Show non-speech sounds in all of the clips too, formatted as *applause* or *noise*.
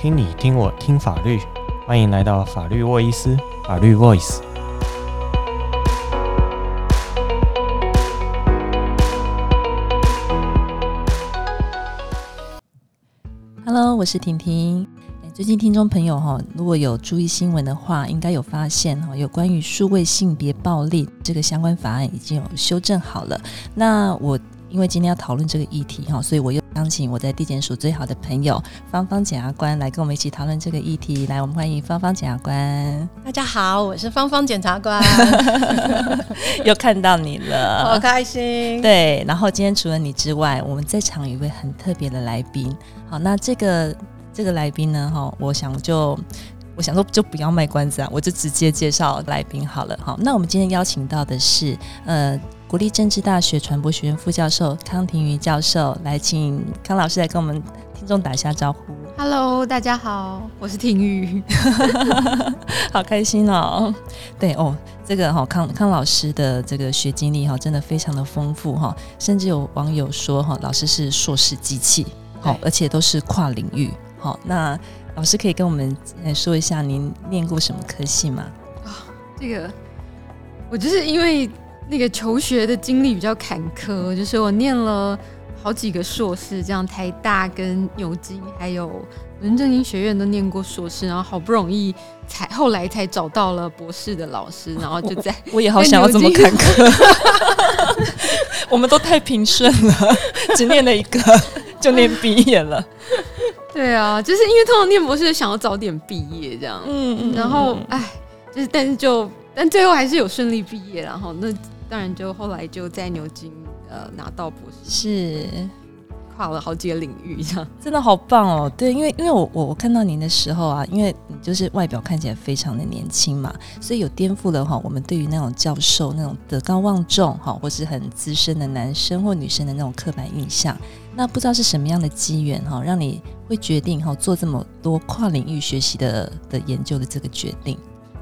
聽你聽我聽法律，歡迎來到法律沃伊斯，法律 Voice。Hello，我是婷婷。最近聽眾朋友哈，如果有注意新聞的話，應該有發現哈，有關於數位性別暴力這個相關法案已經有修正好了。那我因為今天要討論這個議題哈，所以我又。邀請我在地檢署最好的朋友芳芳檢察官來跟我們一起討論這個議題。來，我們歡迎芳芳檢察官。大家好，我是芳芳檢察官， *laughs* *laughs* 又看到你了，好開心。對，然後今天除了你之外，我們在場有一位很特別的來賓。好，那這個這個來賓呢？哈，我想就我想說就不要賣關子啊，我就直接介紹來賓好了。好，那我們今天邀請到的是呃。國立政治大學傳播學院副教授康庭瑜教授，來，請康老師來跟我們聽眾打一下招呼。Hello，大家好，我是庭瑜， *laughs* 好開心哦。對哦，這個哈康康老師的這個學經歷哈真的非常的豐富哈，甚至有網友說哈老師是碩士機器，好對，而且都是跨領域。好、哦，那老師可以跟我們來說一下您念過什麼科系嗎？啊、哦，這個我就是因為。那個求學的經歷比較坎坷，就是我念了好幾個碩士，這樣台大跟牛津，還有倫敦政經學院都念過碩士，然後好不容易才後來才找到了博士的老師，然後就在我,我也好想要這麼坎坷，我們都太平順了，只念了一個就念畢業了。 *laughs* 對啊，就是因為通常念博士想要早點畢業這樣，嗯嗯,嗯，然後哎，就是但是就但最後還是有順利畢業，然後那。當然，就後來就在牛津呃拿到博士，是、嗯、跨了好幾個領域，這樣真的好棒哦。對，因為因為我我我看到您的時候啊，因為你就是外表看起來非常的年輕嘛，所以有顛覆了哈、哦、我們對於那種教授那種德高望重哈、哦，或是很資深的男生或女生的那種刻板印象。那不知道是什麼樣的機緣哈、哦，讓你會決定哈、哦、做這麼多跨領域學習的的研究的這個決定。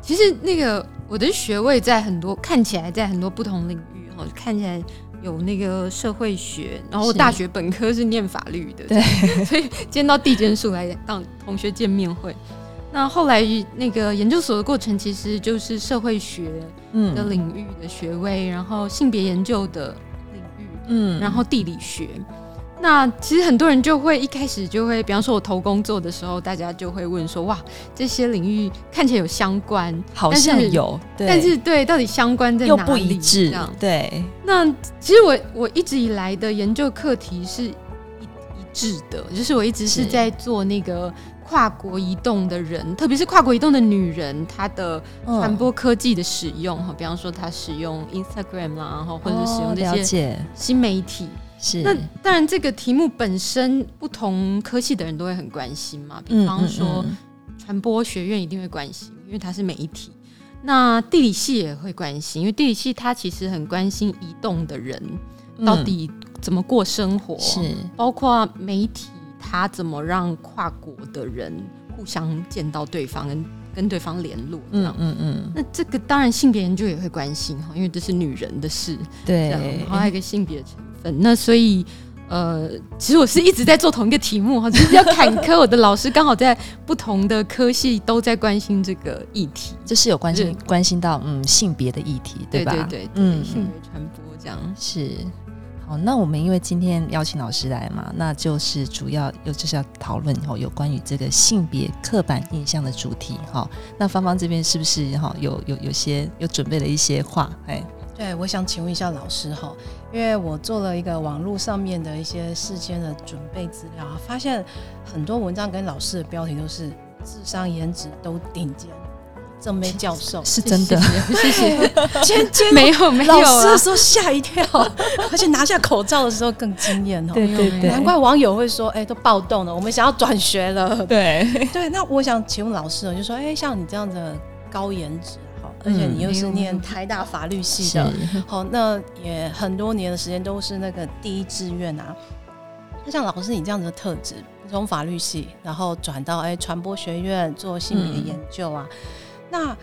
其實那個我的學位在很多看起來在很多不同領域哈，看起來有那個社會學，然後大學本科是念法律的，是嗎對，所以今天到地檢署來當同學見面會。 *laughs* 那後來那個研究所的過程其實就是社會學的領域的學位，嗯、然後性別研究的領域，嗯，然後地理學。那其實很多人就會一開始就會，比方說我投工作的時候，大家就會問說：哇，這些領域看起來有相關，好像有，但是，對但是對，到底相關在哪裡？又不一致，這樣子，對。那其實我我一直以來的研究課題是一,一致的，就是我一直是在做那個跨國移動的人，是特別是跨國移動的女人，她的傳播科技的使用，哈、嗯，比方說她使用 Instagram 啦，然後或者使用這些新媒體。哦是那當然，這個題目本身不同科系的人都會很關心嘛。比方說，傳播學院一定會關心，嗯嗯嗯、因為它是媒體。那地理系也會關心，因為地理系它其實很關心移動的人到底怎麼過生活，嗯、是包括媒體它怎麼讓跨國的人互相見到對方，跟跟對方聯絡這樣，嗯。嗯嗯嗯。那這個當然性別研究也會關心哈，因為這是女人的事。對，然後還有一個性別那所以，呃，其實我是一直在做同一個題目哈，就是要坎坷 *laughs* 我的老師剛好在不同的科系都在關心這個議題，就是有關心是關心到嗯性別的議題，對吧？對對對，對嗯，性別傳播這樣是，是好。那我們因為今天邀請老師來嘛，那就是主要又就是要討論哈、哦、有關於這個性別刻板印象的主題哈、哦。那芳芳這邊是不是哈、哦、有有有些有準備了一些話哎？對，我想請問一下老師哈，因為我做了一個網絡上面的一些事先的準備資料啊，發現很多文章跟老師的標題都、就是智商顏值都頂尖，正妹教授是，是真的，謝謝。沒有、啊、沒有，沒有啊、老師的時候嚇一跳，啊、而且拿下口罩的時候更驚艷哦、嗯。難怪網友會說，哎，都暴動了，我們想要轉學了。對對，那我想請問老師呢，就說，哎，像你這樣的高顏值。而且你又是念台大法律系的，嗯、好，那也很多年的時間都是那個第一志願啊。那像老師你這樣子的特質，從法律系然後轉到哎傳、欸、播學院做性別研究啊，嗯、那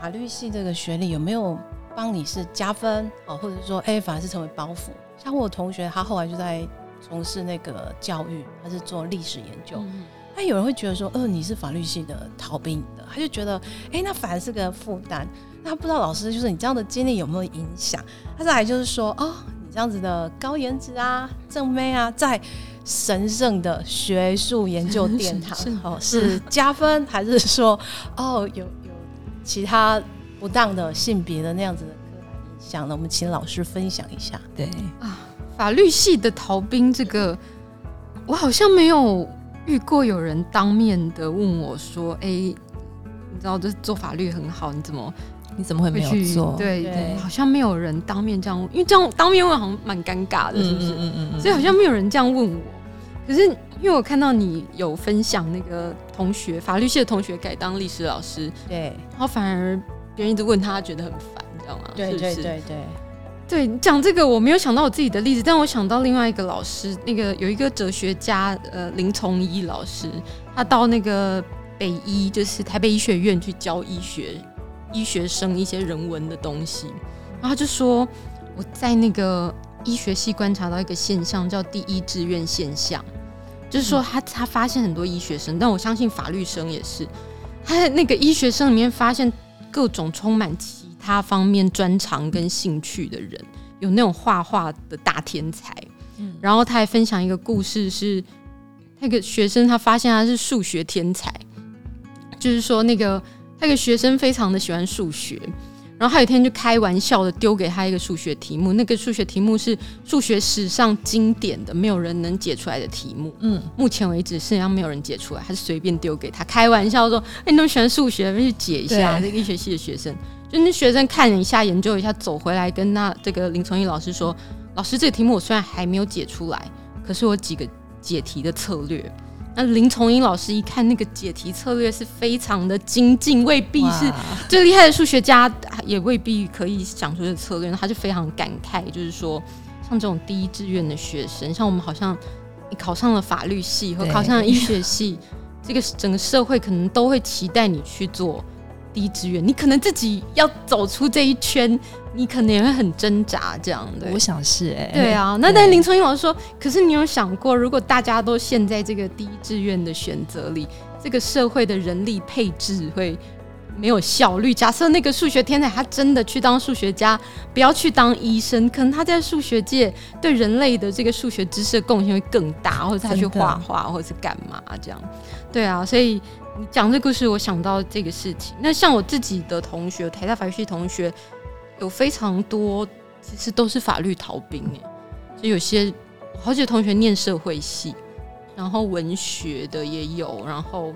法律系這個學歷有沒有幫你是加分？好、哦，或者說哎、欸、反而是成為包袱？像我同學他後來就在從事那個教育，他是做歷史研究。嗯有人會覺得說，呃，你是法律系的逃兵的。他就覺得，哎、欸，那反而是個負擔。那不知道老師，就是你這樣的經歷有沒有影響？他再來就是說，哦，你這樣子的高顏值啊、正妹啊，在神聖的學術研究殿堂，哦，是加分，還是說，哦，有有其他不當的性別的那樣子的刻板印象呢？我們請老師分享一下。對啊，法律系的逃兵這個，對我好像沒有。遇過有人當面的問我說：“哎、欸，你知道這做法律很好，你怎麼你怎麼會沒有去做？對，對，好像沒有人當面這樣，因為這樣當面問好像蠻尷尬的，是不是？嗯嗯嗯嗯嗯。所以好像沒有人這樣問我。可是因為我看到你有分享那個同學，法律系的同學改當歷史老師，對，然後反而別人一直問他，他覺得很煩，你知道嗎？對，對，對，對，對，對，對，對。”對你講這個，我沒有想到我自己的例子，但我想到另外一個老師，那個有一個哲學家，呃，林從一老師，他到那個北醫，就是台北醫學院去教醫學醫學生一些人文的東西，然後他就說我在那個醫學系觀察到一個現象，叫第一志願現象，就是說他、嗯、他發現很多醫學生，但我相信法律生也是，他在那個醫學生裡面發現各種充滿。他方面專長跟興趣的人，有那種畫畫的大天才。嗯，然後他還分享一個故事是，是那個學生他發現他是數學天才，就是說那個那個學生非常的喜歡數學，然後他有一天就開玩笑的丟給他一個數學題目，那個數學題目是數學史上經典的，沒有人能解出來的題目。嗯，目前為止世界上沒有人解出來，他是隨便丟給他開玩笑說：“哎、欸，你那麼喜歡數學，你就解一下。啊”這個醫學系的學生。就那學生看了一下，研究了一下，走回來跟那這個林從英老師說：“老師，這個題目我雖然還沒有解出來，可是我有幾個解題的策略。”那林從英老師一看那個解題策略是非常的精進，未必是最厲害的數學家也未必可以想出這個策略，哇他就非常感慨，就是說，像這種第一志願的學生，像我們好像考上了法律系和考上了醫學系，對這個整個社會可能都會期待你去做。低志願，你可能自己要走出這一圈，你可能也會很掙扎這樣的。我想是哎、欸。對啊，對那但林春英老師說，可是你有想過，如果大家都陷在這個第一志願的選擇裡，這個社會的人力配置會沒有效率。假設那個數學天才他真的去當數學家，不要去當醫生，可能他在數學界對人類的這個數學知識的貢獻會更大，或者他去畫畫，或者是干嘛這樣？的對啊，所以。你講這個故事，我想到這個事情。那像我自己的同學，台大法律系同學有非常多，其實都是法律逃兵哎。就有些好幾個同學念社會系，然後文學的也有，然後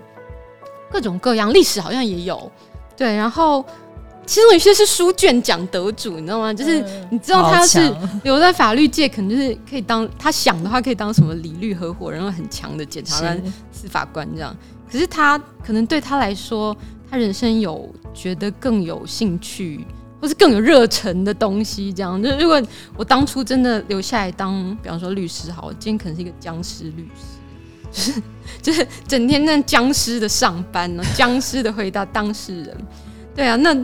各種各樣，歷史好像也有。對，然後其中有些是書卷獎得主，你知道嗎？就是你知道他是留在法律界，可能就是可以當他想的話，可以當什麼理律合夥人，很強的檢察官、是司法官這樣。只是他可能對他來說，他人生有覺得更有興趣，或是更有熱忱的東西，這樣。就如果我當初真的留下來當，比方說律師，好，我今天可能是一個僵屍律師，就是就是整天那僵屍的上班，那僵屍的回答當事人。對啊，那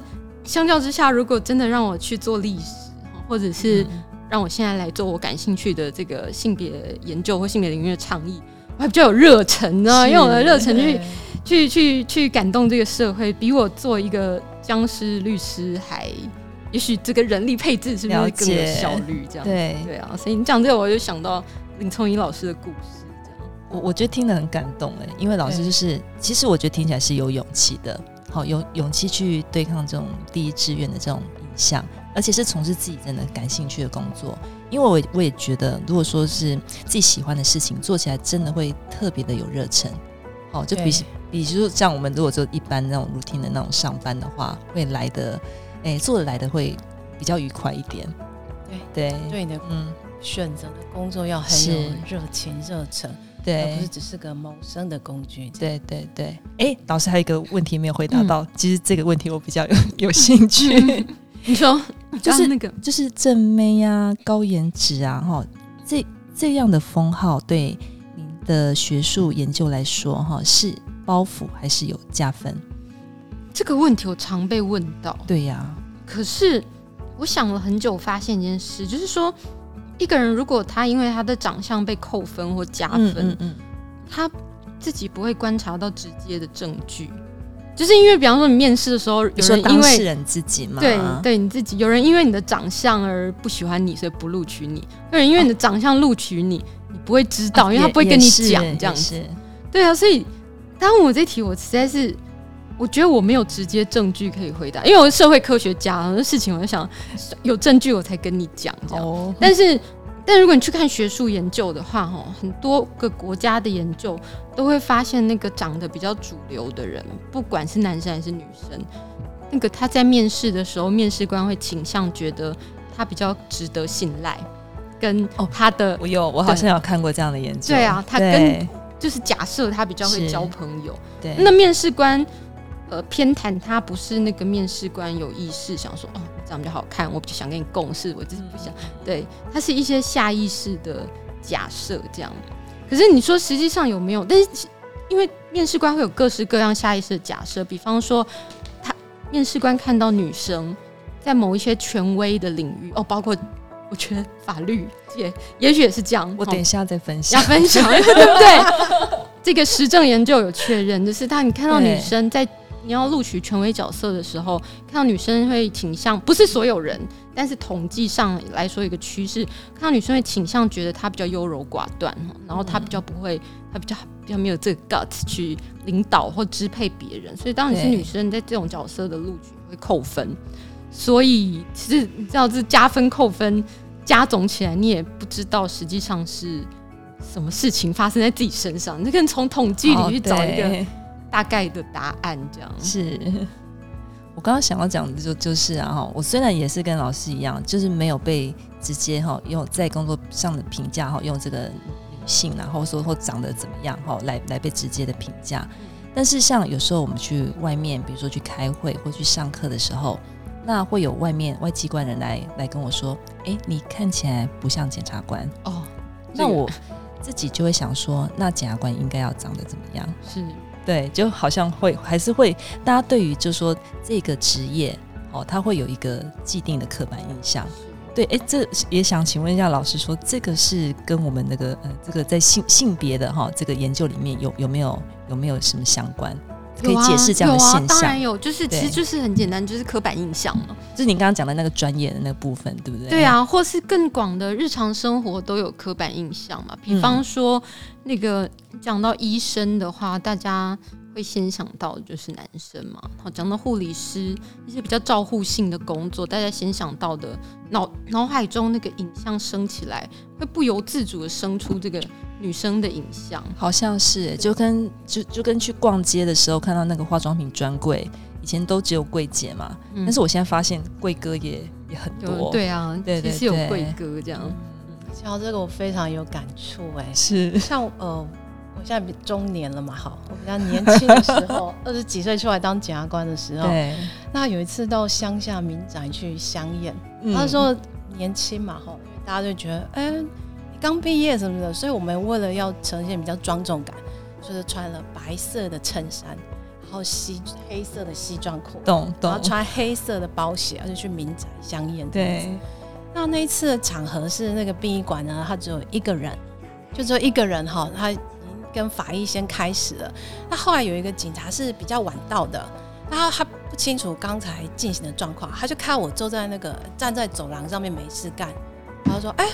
相較之下，如果真的讓我去做歷史，或者是讓我現在來做我感興趣的這個性別研究或性別領域的倡議。比較有熱忱、啊、是因為用我的熱忱去對去去去感動這個社會，比我做一個僵屍律師還，也許這個人力配置是不是更有效率？這樣。對對啊，所以你講這個，我就想到林崇義老師的故事，這樣。我我覺得聽得很感動哎、欸，因為老師就是對其實我覺得聽起來是有勇氣的，好有勇氣去對抗這種第一志願的這種影響，而且是從事自己真的感興趣的工作。因為我也我也覺得，如果說是自己喜歡的事情，做起來真的會特別的有熱忱。哦，就比如對比如像我們如果做一般那種 routine 的那種上班的話，會來的，哎，做的來的會比較愉快一點。對對對你的，嗯，選擇的工作要很有熱情熱忱，對，而不是只是個謀生的工具的。對對對。哎，老師還有一個問題沒有回答到，嗯、其實這個問題我比較有有興趣。嗯 *laughs* 你說就是那個，就是正妹呀，啊、高顏值啊，哈，這這樣的封號對您的學術研究來說，哈，是包袱還是有加分？這個問題我常被問到。對呀，啊，可是我想了很久，發現一件事，就是說，一個人如果他因為他的長相被扣分或加分，嗯，嗯，嗯，他自己不會觀察到直接的證據。就是因為，比方說你面試的時候，有人自己嘛，對對，你自己有人因為你的長相而不喜歡你，所以不錄取你；有人因為你的長相錄取你，你不會知道，因為他不會跟你講這樣子。對啊，所以當我這題，我實在是我覺得我沒有直接證據可以回答，因為我是社會科學家，很多事情我就想有證據我才跟你講這樣。但是。但如果你去看學術研究的話，哦，很多個國家的研究都會發現，那個長得比較主流的人，不管是男生還是女生，那個他在面試的時候，面試官會傾向覺得他比較值得信賴。跟哦，他的我有，我好像有看過這樣的研究。對，對啊，他跟對就是假設他比較會交朋友。對，那面試官呃偏袒他，不是那個面試官有意識想說，哦長得好看，我就想跟你共事，我就是不想，對，它是一些下意識的假設，這樣。可是你說實際上有沒有？但是因為面試官會有各式各樣下意識的假設，比方說，他面試官看到女生在某一些權威的領域，哦，包括我覺得法律也也許也是這樣。我等一下再分享，要分享對不 *laughs* 對？ *laughs* 這個實證研究有確認，就是他你看到女生在。你要錄取權威角色的時候，看到女生會傾向，不是所有人，但是統計上來說有一個趨勢，看到女生會傾向覺得她比較優柔寡斷，然後她比較不會，她比較比較沒有這個 guts 去領導或支配別人。所以當你是女生，對在這種角色的錄取會扣分。所以其實你知道，這加分扣分加總起來，你也不知道實際上是什麼事情發生在自己身上。你就可以從統計裡去找一個。哦大概的答案，這樣是，我剛剛想要講的就是、就是啊哈，我雖然也是跟老師一樣，就是沒有被直接哈用在工作上的評價哈用這個女性然後說或長得怎麼樣哈來來被直接的評價，嗯、但是像有時候我們去外面，比如說去開會或去上課的時候，那會有外面外機關人來來跟我說，哎，你看起來不像檢察官哦，這個、那我自己就會想說，那檢察官應該要長得怎麼樣？是。對，就好像會還是會，大家對於就說這個職業，哦，他會有一個既定的刻板印象。對，哎，這也想請問一下老師說，說這個是跟我們那個呃，這個在性性別的哈、哦、這個研究裡面有有沒有有沒有什麼相關？可以解釋這樣的現象。有啊，有啊，當然有，就是其實就是很簡單，對就是刻板印象嘛。嗯、就是你剛剛講的那個專業的那個部分，對不對？對啊，或是更廣的日常生活都有刻板印象嘛。比方說，那個講、嗯、到醫生的話，大家會先想到就是男生嘛。好，講到護理師，一些比較照護性的工作，大家先想到的腦腦海中那個影像升起來，會不由自主的生出這個，女生的影像好像是對就，就跟就就跟去逛街的時候看到那個化妝品專櫃，以前都只有櫃姐嘛。嗯、但是我現在發現櫃哥也也很多，對啊，對對對，有櫃哥這樣。講到、嗯嗯、這個，我非常有感觸哎！是像呃，我現在中年了嘛，哈，我比較年輕的時候，二十 *laughs* 幾歲出來當檢察官的時候，對那有一次到鄉下民宅去相驗，那、嗯、時候年輕嘛，哈，大家就覺得，哎、欸。剛畢業什麼的，所以我們為了要呈現比較莊重感，就是穿了白色的襯衫，然後西黑色的西裝褲，懂懂動，然後穿黑色的包鞋，而且去民宅相驗。對。那那一次的場合是那個殯儀館呢，他只有一個人，就只有一個人哈，他已經跟法醫先開始了。那後來有一個警察是比較晚到的，他他不清楚剛才進行的狀況，他就看我坐在那個站在走廊上面沒事幹，然後說：“哎、欸。”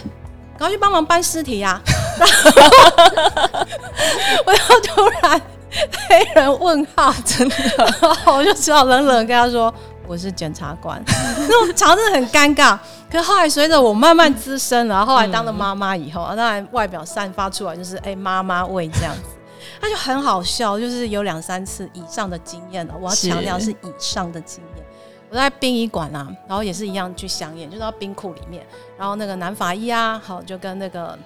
趕快去幫忙搬屍體啊！然後 *laughs* *laughs* 突然黑人問號，真的， *laughs* 然後我就只好冷冷跟他說：“我是檢察官。 *laughs* ” *laughs* 那種場面很尷尬。可是後來隨着我慢慢資深，然後，後來當了媽媽以後，然後當然外表散發出來就是哎媽媽味這樣子，他 *laughs* 就很好笑。就是有兩三次以上的經驗了，我要強調是以上的經驗。我在殯儀館啊，然後也是一樣去相驗，就到冰庫裡面，然後那個男法醫啊，好，就跟那個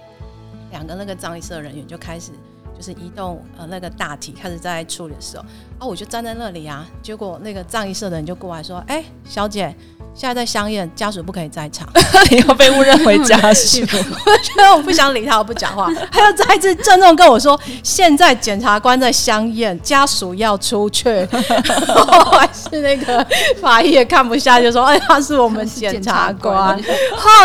兩個那個葬儀社人員就開始就是移動呃那個大體，開始在處理的時候，然後我就站在那裡啊，結果那個葬儀社的人就過來說，哎、欸，小姐，現在在相驗，家屬不可以在場，以後 *laughs* 被誤認為家屬。我覺得我不想理他，我不講話。他又 *laughs* 再一次鄭重跟我說：“現在檢察官在相驗，家屬要出去。” *laughs* *laughs* 還是那個法醫也看不下去，就是、說：“哎，他是我們檢察官。察官”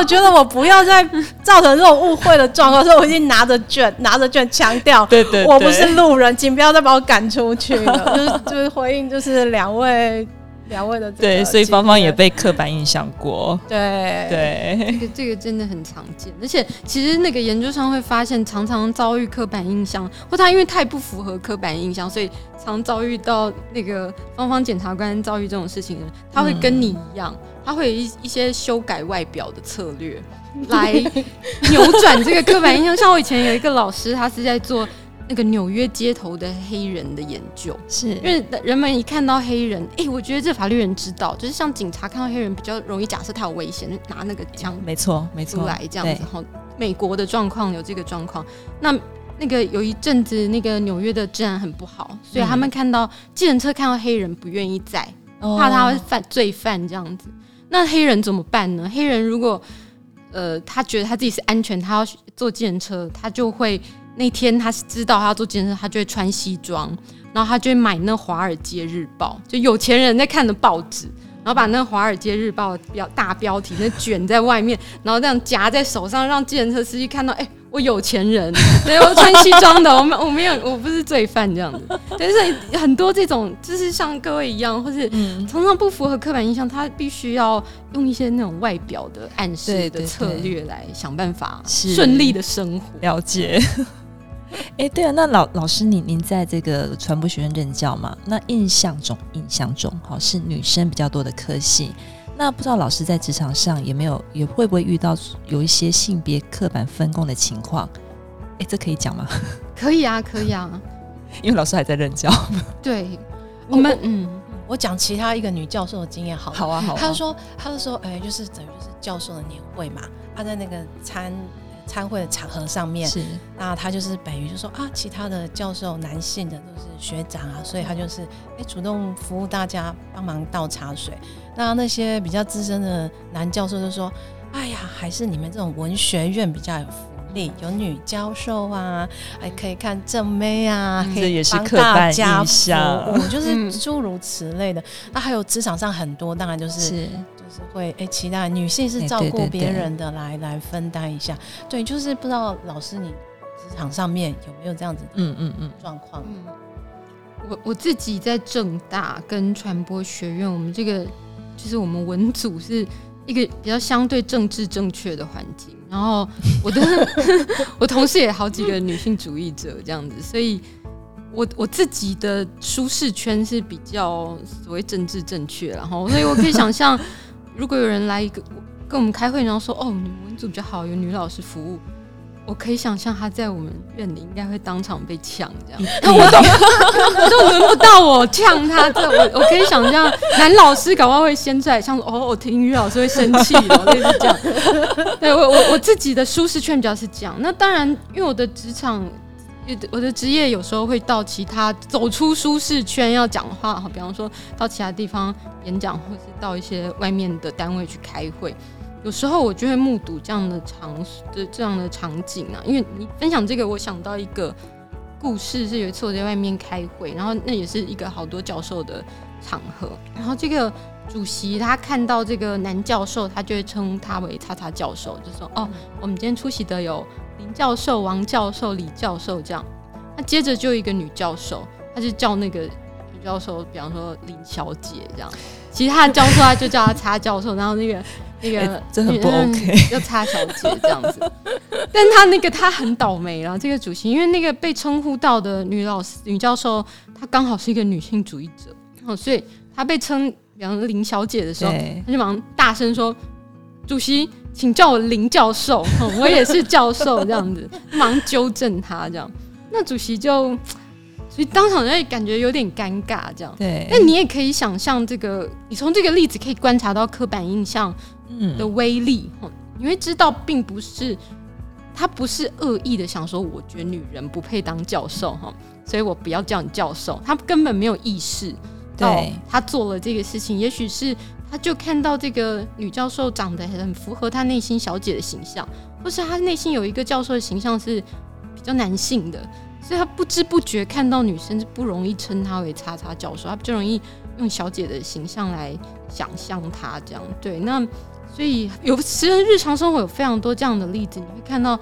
我 *laughs* *laughs* 覺得我不要再造成這種誤會的狀況， *laughs* 所以我已經拿着卷，拿着卷強調：“對對對，我不是路人，請不要再把我趕出去了。”就是就是回應，就是兩位。兩位的對，所以芳芳也被刻板印象過，對對，對這個這個真的很常見，而且其實那個研究上會發現，常常遭遇刻板印象，或他因為太不符合刻板印象，所以常遭遇到那個芳芳檢察官遭遇這種事情，他會跟你一樣，他會有一一些修改外表的策略來扭轉這個刻板印象。 *laughs* 像我以前有一個老師，他是在做。那個紐約街頭的黑人的研究，是因為人們一看到黑人，哎、欸，我覺得這法律人知道，就是像警察看到黑人比較容易假設他有危險，拿那個槍，沒錯，沒錯，出來這樣子哈。後美國的狀況有這個狀況，對那那個有一陣子那個紐約的治安很不好，所以他們看到計、嗯、程車看到黑人不願意載，怕他會犯罪犯這樣子。哦、那黑人怎麼辦呢？黑人如果呃他覺得他自己是安全，他要坐計程車，他就會。那天他是知道他要做健身，他就會穿西裝，然後他就會買那《華爾街日報》，就有錢人在看的報紙，然後把那《華爾街日報》的標，大標題那捲在外面，然後這樣夾在手上，讓計程車司機看到，哎、欸，我有錢人，對，我穿西裝的，我們 *laughs* 我沒有，我不是罪犯這樣子。但是很多這種就是像各位一樣，或是常常不符合刻板印象，他必須要用一些那種外表的暗示的策略來想辦法順利的生活。了解。哎、欸，對啊，那老老師你，你您在這個傳播學院任教嘛？那印象中，印象中，好是女生比較多的科系。那不知道老師在職場上有沒有，也會不會遇到有一些性別刻板分工的情況？哎、欸，這可以講嗎？可以啊，可以啊，因為老師還在任教。對，我們嗯，我講其他一個女教授的經驗好，好。好啊，好啊。他說，他就說，哎、欸，就是等於就是教授的年會嘛，他在那個餐參會的場合上面，是那他就是等於就說啊，其他的教授男性的都是學長啊，所以他就是誒、欸，主動服務大家，幫忙倒茶水。那那些比較資深的男教授就說：“哎呀，還是你們這種文學院比較有。”有女教授啊，還可以看正妹啊，這、嗯、嘿也是刻板印象，效我就是諸如此類的。那、嗯、還有職場上很多，當然就是，是、嗯、就是會誒，期、欸、待女性是照顧別人的，欸、對對對對來來分擔一下。對，就是不知道老師你職場上面有沒有這樣子的？嗯嗯嗯，狀、嗯、況。我我自己在政大跟傳播學院，我們這個就是我們文組是。一個比較相對政治正確的環境，然後我的 *laughs* *laughs* 我同事也好幾個女性主義者這樣子，所以我我自己的舒適圈是比較所謂政治正確，然後所以我可以想象， *laughs* 如果有人來一個跟我們開會，然後說哦，你們文組比較好，有女老師服務。我可以想象他在我們院裡應該會當場被嗆，這樣，那、嗯、我，我就輪不到我嗆他。對，我我可以想象男老師搞不好會先在，像哦，我聽女老師會生氣，我 *laughs* 這樣講。對我，我我自己的舒適圈比較是這樣。那當然，因為我的職場，我的職業有時候會到其他，走出舒適圈要講話，哈，比方說到其他地方演講，或是到一些外面的單位去開會。有時候我就會目睹這樣的場這這樣的場景啊，因為你分享這個，我想到一個故事，是有一次我在外面開會，然後那也是一個好多教授的場合，然後這個主席他看到這個男教授，他就會稱他為“叉叉教授”，就說：“哦，我們今天出席的有林教授、王教授、李教授這樣。”啊那接著就一個女教授，他就叫那個女教授，比方說林小姐這樣。其他教授他就叫他“叉教授”，然後那個。那個、欸、真的不 OK，要、嗯、差小姐這樣子， *laughs* 但他那個他很倒霉啊。這個主席，因為那個被稱呼到的女老師、女教授，她剛好是一個女性主義者，所以她被稱楊林小姐的時候，對她就忙大聲說：“主席，請叫我林教授，嗯、我也是教授。”這樣子忙糾正他，這樣。那主席就所以當場就感覺有點尷尬，這樣。對。那你也可以想象，這個你從這個例子可以觀察到刻板印象。的威力，嗯、因為知道並不是他不是惡意的想說，我覺得女人不配當教授哈，所以我不要叫你教授。他根本沒有意識到他做了這個事情，對也許是他就看到這個女教授長得很符合他內心小姐的形象，或是他內心有一個教授的形象是比較男性的，所以他不知不覺看到女生是不容易稱她為“叉叉教授”，他就容易用小姐的形象來想象她這樣。對，那。所以有，有時日常生活有非常多這樣的例子，你會看到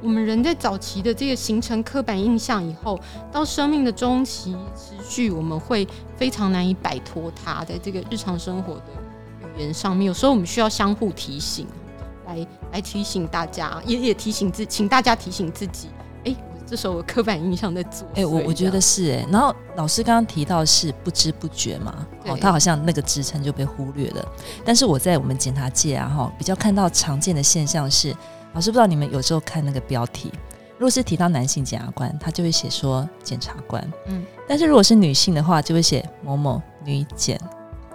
我們人在早期的這個形成刻板印象以後，到生命的中期持續，我們會非常難以擺脫它，在這個日常生活的語言上面，有時候我們需要相互提醒，來來提醒大家，也也提醒自，請大家提醒自己。這時候，我刻板印象在作祟。哎，我我覺得是哎、欸。然後老師剛剛提到是不知不覺嘛，對哦，他好像那個支撐就被忽略了。但是我在我們檢察界啊哈，比較看到常見的現象是，老師不知道你們有時候看那個標題，如果是提到男性檢察官，他就會寫說檢察官，嗯，但是如果是女性的話，就會寫某某女檢。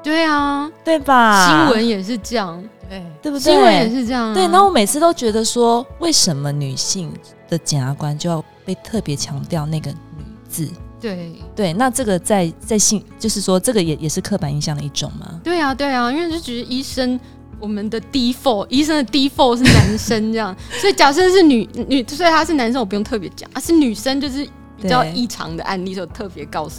對啊，對吧？新聞也是這樣，對，對不對？新聞也是這樣、啊。對，那我每次都覺得說，為什麼女性的檢察官就要被特別強調那個女字，對對，那這個在在性，就是說這個也也是刻板印象的一種嗎？對啊，對啊，因為就覺得醫生，我們的 default 醫生的 default 是男生這樣， *laughs* 所以假設是女女，所以他是男生，我不用特別講，他是女生就是比較異常的案例，就特別告訴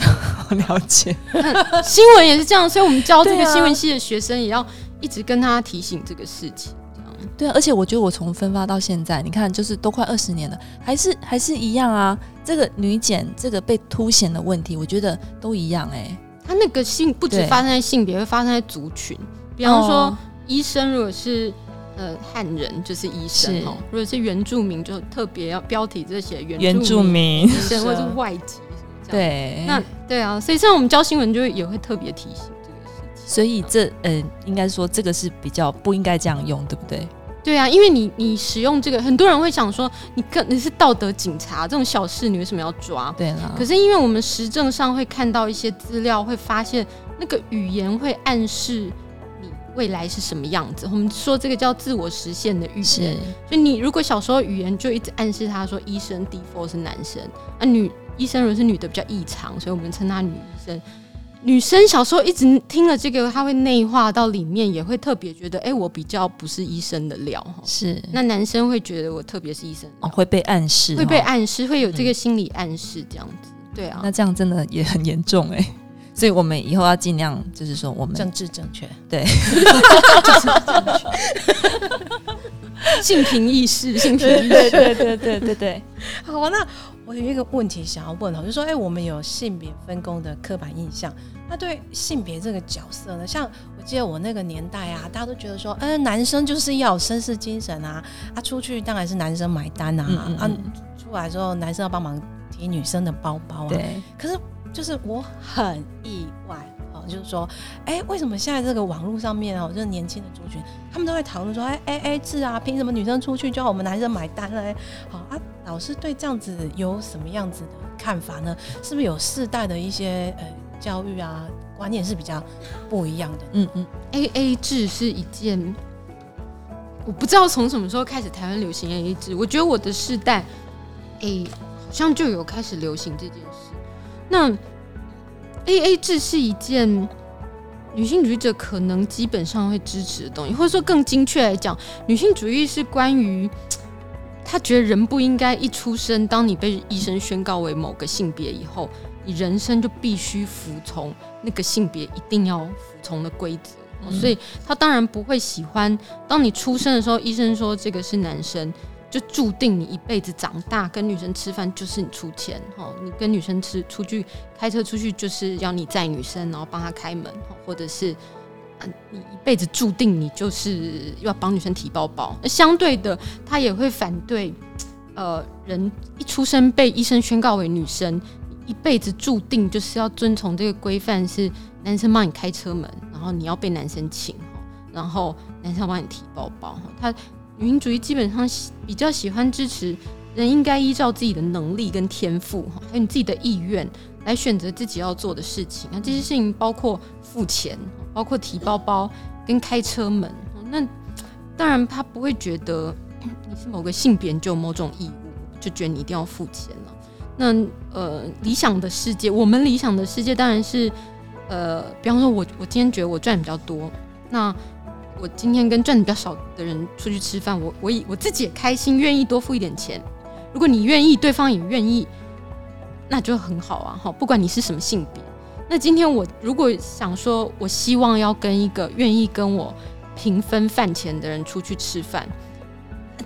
對 *laughs* 我了解。嗯，新聞也是這樣，所以我們教這個新聞系的學生也要一直跟他提醒這個事情。對、啊，而且我覺得我從分發到現在，你看，就是都快二十年了，還是還是一樣啊。這個女檢這個被凸顯的問題，我覺得都一樣哎、欸。他那個性不止發生在性別，對會發生在族群。比方說，哦、醫生如果是呃漢人，就是醫生哦；是如果是原住民，就特別要標題這些原住民醫生，或者是外籍，哦、樣對，那對啊。所以像我們教新聞，就也會特別提醒。所以這呃，應該說這個是比較不應該這樣用，對不對？對啊，因為你你使用這個，很多人會想說，你可能是道德警察，這種小事你為什麼要抓？對了啦，可是因為我們實證上會看到一些資料，會發現那個語言會暗示你未來是什麼樣子。我們說這個叫自我實現的預言。是所以你如果小時候語言就一直暗示他說，醫生 default 是男生，啊女，女醫生如果是女的比較異常，所以我們稱她女醫生。女生小時候一直聽了這個，她會內化到裡面，也會特別覺得，哎、欸，我比較不是醫生的料哈。是，那男生會覺得我特別是醫生，會被暗示，會被暗示，會有這個心理暗示這樣子。對啊，那這樣真的也很嚴重哎、欸。所以我們以後要盡量，就是說我們是對政治正確，對， *laughs* *laughs* 政治正確，性平意識，性平意識，對對對對對好，對。啊、那。我有一個問題想要問哦，就是、說，哎、欸，我們有性別分工的刻板印象，那對性別這個角色呢？像我記得我那個年代啊，大家都覺得說，嗯、欸，男生就是要有紳士精神啊，他、啊、出去當然是男生買單啊，嗯嗯嗯啊，出來之後男生要幫忙提女生的包包啊。對，可是就是我很意外。就是說，哎、欸，為什麼現在這個網絡上面哦，就是年輕的族群，他們都在討論說，哎、欸、，AA 制啊，憑什麼女生出去就要我們男生買單嘞？好啊，老師對這樣子有什麼樣子的看法呢？是不是有世代的一些呃、欸、教育啊，觀念是比較不一樣的？嗯嗯，AA 制是一件我不知道從什麼時候開始台灣流行 AA 制，我覺得我的世代 a、欸、好像就有開始流行這件事，那。AA 製是一件女性主義者可能基本上會支持的東西，或者說更精確來講，女性主義是關於她覺得人不應該一出生，當你被醫生宣告為某個性別以後，你人生就必須服從那個性別一定要服從的規則，嗯，所以她當然不會喜歡當你出生的時候，醫生說這個是男生。就注定你一輩子長大跟女生吃飯，就是你出錢哈，你跟女生吃出去開車出去就是要你載女生，然後幫她開門，或者是嗯，你一輩子注定你就是要幫女生提包包。那相對的，他也會反對，呃，人一出生被醫生宣告為女生，一輩子注定就是要遵從這個規範，是男生幫你開車門，然後你要被男生請哈，然後男生要幫你提包包哈，他。女權主義基本上比較喜歡支持人應該依照自己的能力跟天賦，哈，還有你自己的意願來選擇自己要做的事情。那這些事情包括付錢，包括提包包跟開車門。那當然，他不會覺得你是某個性別就有某種義務，就覺得你一定要付錢了。那呃，理想的世界，我們理想的世界當然是呃，比方說我我今天覺得我賺比較多，那。我今天跟賺的比較少的人出去吃飯，我我以我自己也開心，願意多付一點錢。如果你願意，對方也願意，那就很好啊！哈，不管你是什麼性別。那今天我如果想說，我希望要跟一個願意跟我平分飯錢的人出去吃飯，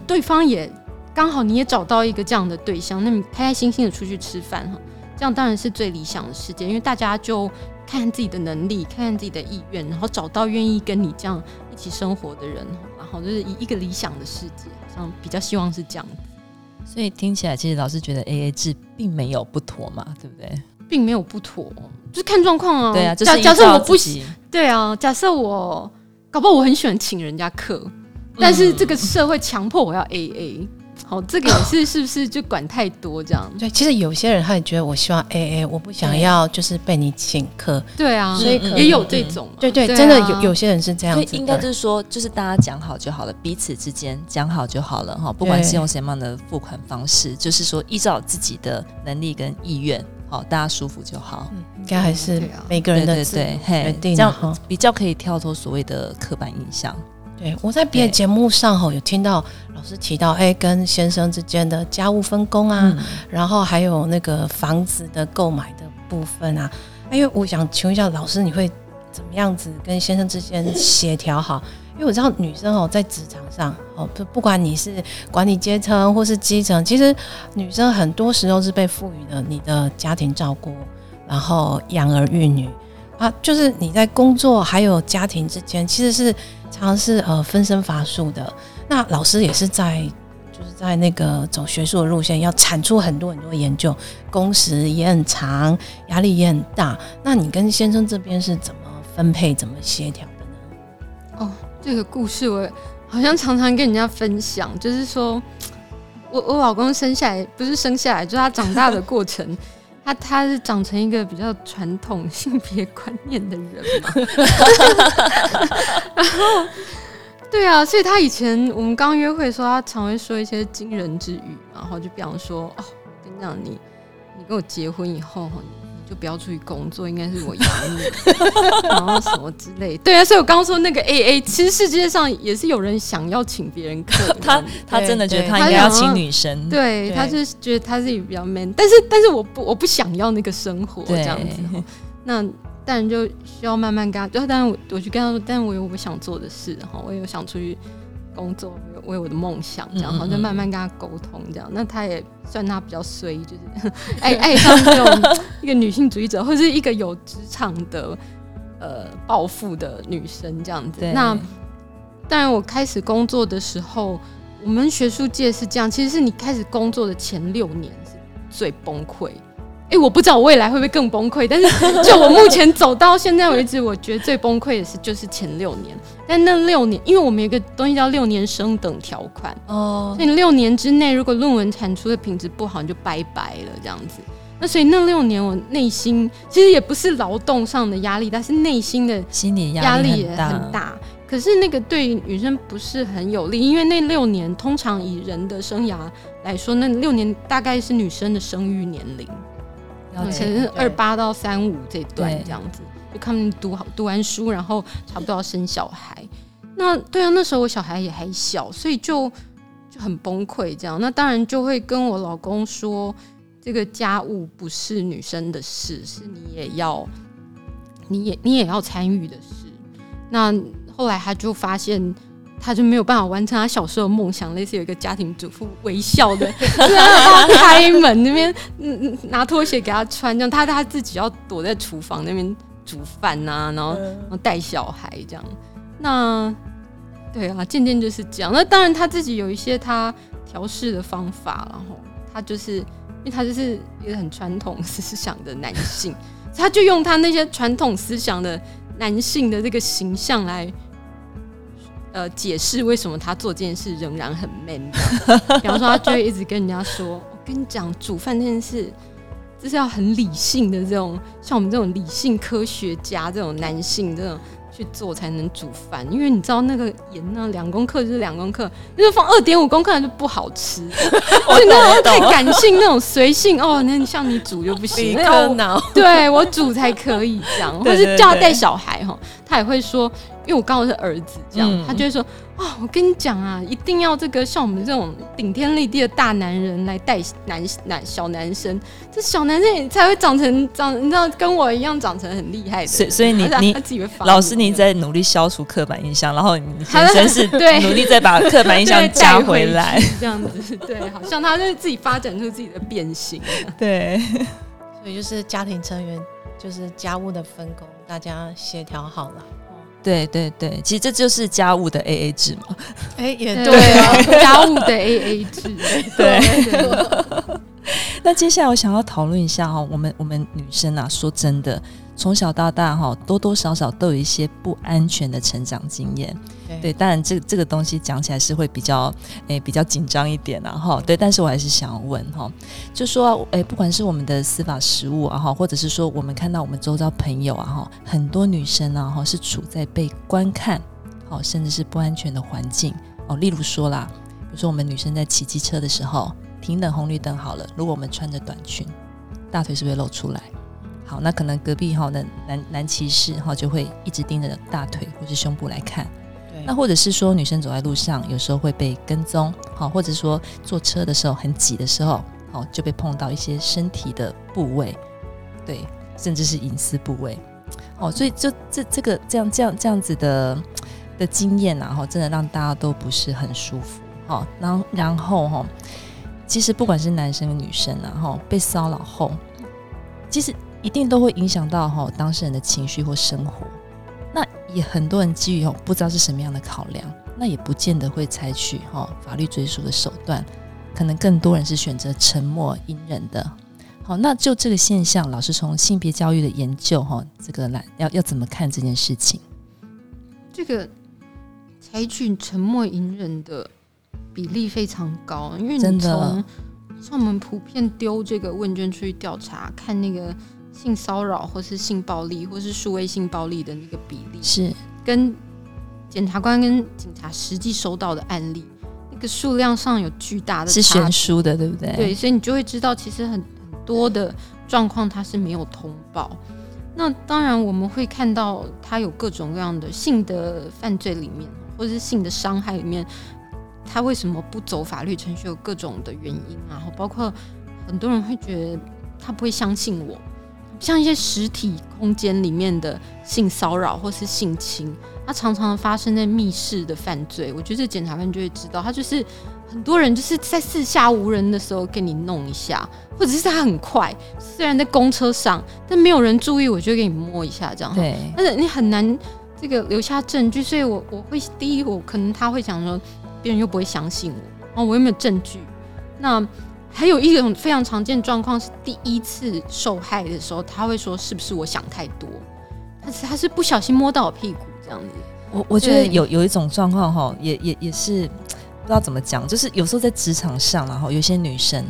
對方也剛好你也找到一個這樣的對象，那你開開心心的出去吃飯哈，這樣當然是最理想的世界，因為大家就看看自己的能力，看看自己的意願，然後找到願意跟你這樣。一起生活的人，然後就是一一個理想的世界，好像比較希望是這樣子。所以聽起來，其實老師覺得 A A 制並沒有不妥嘛，對不對？並沒有不妥，就是看狀況啊。對啊，就是、假假設我不行，自己。對啊，假設我搞不好我很喜歡請人家客，嗯、但是這個社會強迫我要 A A。哦，這個也是是不是就管太多這樣？啊、對，其實有些人他也覺得，我希望 AA，、欸欸、我不想要就是被你請客。對啊，所以也有這種、啊。對，對對，對啊、真的有有些人是這樣子。應該就是說，就是大家講好就好了，彼此之間講好就好了哈對、喔。不管是用什麼樣的付款方式，就是說依照自己的能力跟意願，好、喔，大家舒服就好。應該還是每個人的人對，對，對嘿，這樣比較可以跳脫所謂的刻板印象。對，我在別的節目上吼有聽到老師提到，誒，欸，跟先生之間的家務分工啊，嗯，然後還有那個房子的購買的部分啊。因為我想請問一下老師，你會怎麼樣子跟先生之間協調好？因為我知道女生哦，在職場上哦，不不管你是管理階層或是基層，其實女生很多時候是被賦予了你的家庭照顧，然後養兒育女啊，就是你在工作還有家庭之間，其實是。好像是呃分身乏術的，那老師也是在就是在那個走學術的路線，要產出很多很多研究，工時也很長，壓力也很大。那你跟先生這邊是怎麼分配、怎麼協調的呢？哦，這個故事我好像常常跟人家分享，就是說我我老公生下來不是生下來，就是、他長大的過程。 *laughs* 他他是長成一個比較傳統性別觀念的人嘛， *laughs* *laughs* 然後對啊，所以他以前我們剛約會的時候，他常會說一些驚人之語，然後就比方說，哦，跟你講，你你跟我結婚以後。就不要出去工作，應該是我養你， *laughs* 然後什麼之類的。對啊，所以我剛剛說那個 A A，其實世界上也是有人想要請別人客人， *laughs* 他他真的覺得他應該要請女生，對，對，對，他是覺得他自己比較 man，但是但是我不我不想要那個生活這樣子，對 那但就需要慢慢跟他，就當然我我去跟他說，但是我有我想做的事哈，我也有想出去。工作，我有為我的夢想這樣，然後就慢慢跟他溝通這樣，嗯嗯，那他也算他比較衰，就是哎哎，他這種一個女性主義者 *laughs* 或者一個有職場的呃抱負的女生這樣子。對那當然，我開始工作的時候，我們學術界是這樣，其實是你開始工作的前六年是最崩潰。誒、欸，我不知道我未來會不會更崩潰。但是就我目前走到現在為止， *laughs* 我覺得最崩潰的事就是前六年。但那六年，因為我們有個東西叫六年升等條款哦，所以六年之內如果論文產出的品質不好，你就拜拜了這樣子。那所以那六年我內心其實也不是勞動上的壓力，但是內心的心理壓力也很大。可是那個對女生不是很有利，因為那六年通常以人的生涯來說，那六年大概是女生的生育年齡。以前 Okay, 是二八到三五這段這樣子，對就他們讀好讀完書，然後差不多要生小孩。那對啊，那時候我小孩也還小，所以就就很崩潰這樣。那當然就會跟我老公說，這個家務不是女生的事，是你也要，你也你也要參與的事。那後來他就發現。他就沒有辦法完成他小時候的夢想，類似有一個家庭主婦微笑的，幫 *laughs* 他，他開門那邊，嗯嗯，拿拖鞋給他穿這樣，他他自己要躲在廚房那邊煮飯吶、啊，然後然後帶小孩這樣。那對啊，漸漸就是這樣。那當然他自己有一些他調適的方法，然後他就是，因為他就是一個很傳統思想的男性，他就用他那些傳統思想的男性的這個形象來，呃，解釋為什麼他做這件事仍然很 man。比方說，他就會一直跟人家說：“ *laughs* 我跟你講，煮飯這件事，就是要很理性的這種，像我們這種理性科學家這種男性這種去做才能煮飯。因為你知道那個鹽呢、啊，兩公克就是兩公克，就就放二點五公克就不好吃。我懂。太感性，那種隨性哦，那你像你煮就不行。理科腦，對，我煮才可以這樣。 *laughs* 對對對，或者是，叫他帶小孩哈，他也會說。因為我剛好是兒子，這樣、嗯、他就會說：“哇、哦，我跟你講啊，一定要這個像我們這種頂天立地的大男人來帶男男小男生，這小男生也才會長成長，你知道跟我一樣長成很厲害的，所以，所以你、啊、你老師你在努力消除刻板印象，然後你他真是努力再把刻板印象加回來， *laughs* 回這樣子對，好像他在自己發展出自己的變形、啊。對，所以就是家庭成員就是家務的分工，大家協調好了。對對對，其實這就是家務的 AA 制嘛。哎，也對啊，家務的 AA 制。對。那接下來我想要討論一下哈，我們我們女生啊，說真的，從小到大哈，多多少少都有一些不安全的成長經驗。對，當然這這個東西講起來是會比較誒、欸、比較緊張一點、啊，啦哈，對，但是我還是想要問哈，就說誒、欸，不管是我們的司法實務啊哈，或者是說我們看到我們周遭朋友啊哈，很多女生呢、啊、哈是處在被觀看，哦，甚至是不安全的環境哦，例如說啦，比如說我們女生在騎機車的時候，停等紅綠燈好了，如果我們穿着短裙，大腿是不是露出來？好，那可能隔壁哈的男男騎士哈就會一直盯着大腿或是胸部來看。那或者是說，女生走在路上，有時候會被跟蹤，好，或者說坐車的時候很擠的時候，好，就被碰到一些身體的部位，對，甚至是隱私部位，哦，所以就這這個這樣這樣這樣子的的經驗啊，真的讓大家都不是很舒服，哈，然後然後，其實不管是男生和女生啊，被騷擾後，其實一定都會影響到當事人的情緒或生活。也很多人基於哦，不知道是什麼樣的考量，那也不見得會採取吼法律追訴的手段，可能更多人是選擇沉默隱忍的。好，那就這個現象，老師從性別教育的研究哈，這個來要要怎麼看這件事情？這個採取沉默隱忍的比例非常高，因為你從真的，像我們普遍丟這個問卷出去調查，看那個。性騷擾或是性暴力，或是數位性暴力的那個比例，是跟檢察官跟警察實際收到的案例那個數量上有巨大的是懸殊的，對不對？對，所以你就會知道，其實很、很多的狀況它是沒有通報。對那當然我們會看到，它有各種各樣的性的犯罪裡面，或者是性的傷害裡面，它為什麼不走法律程序？有各種的原因啊，然後包括很多人會覺得他不會相信我。像一些實體空間裡面的性騷擾或是性侵，它常常發生在密室的犯罪。我覺得這檢察官就會知道，他就是很多人就是在四下無人的時候給你弄一下，或者是他很快，雖然在公車上，但沒有人注意，我就給你摸一下這樣。對，但是你很難這個留下證據，所以我我會第一，我可能他會想說，別人又不會相信我，然後我又沒有證據，那。還有一種非常常見狀況是，第一次受害的時候，他會說：“是不是我想太多？”但是他是不小心摸到我屁股這樣子。我我覺得有有一種狀況哈，也也也是不知道怎麼講，就是有時候在職場上，然後有些女生，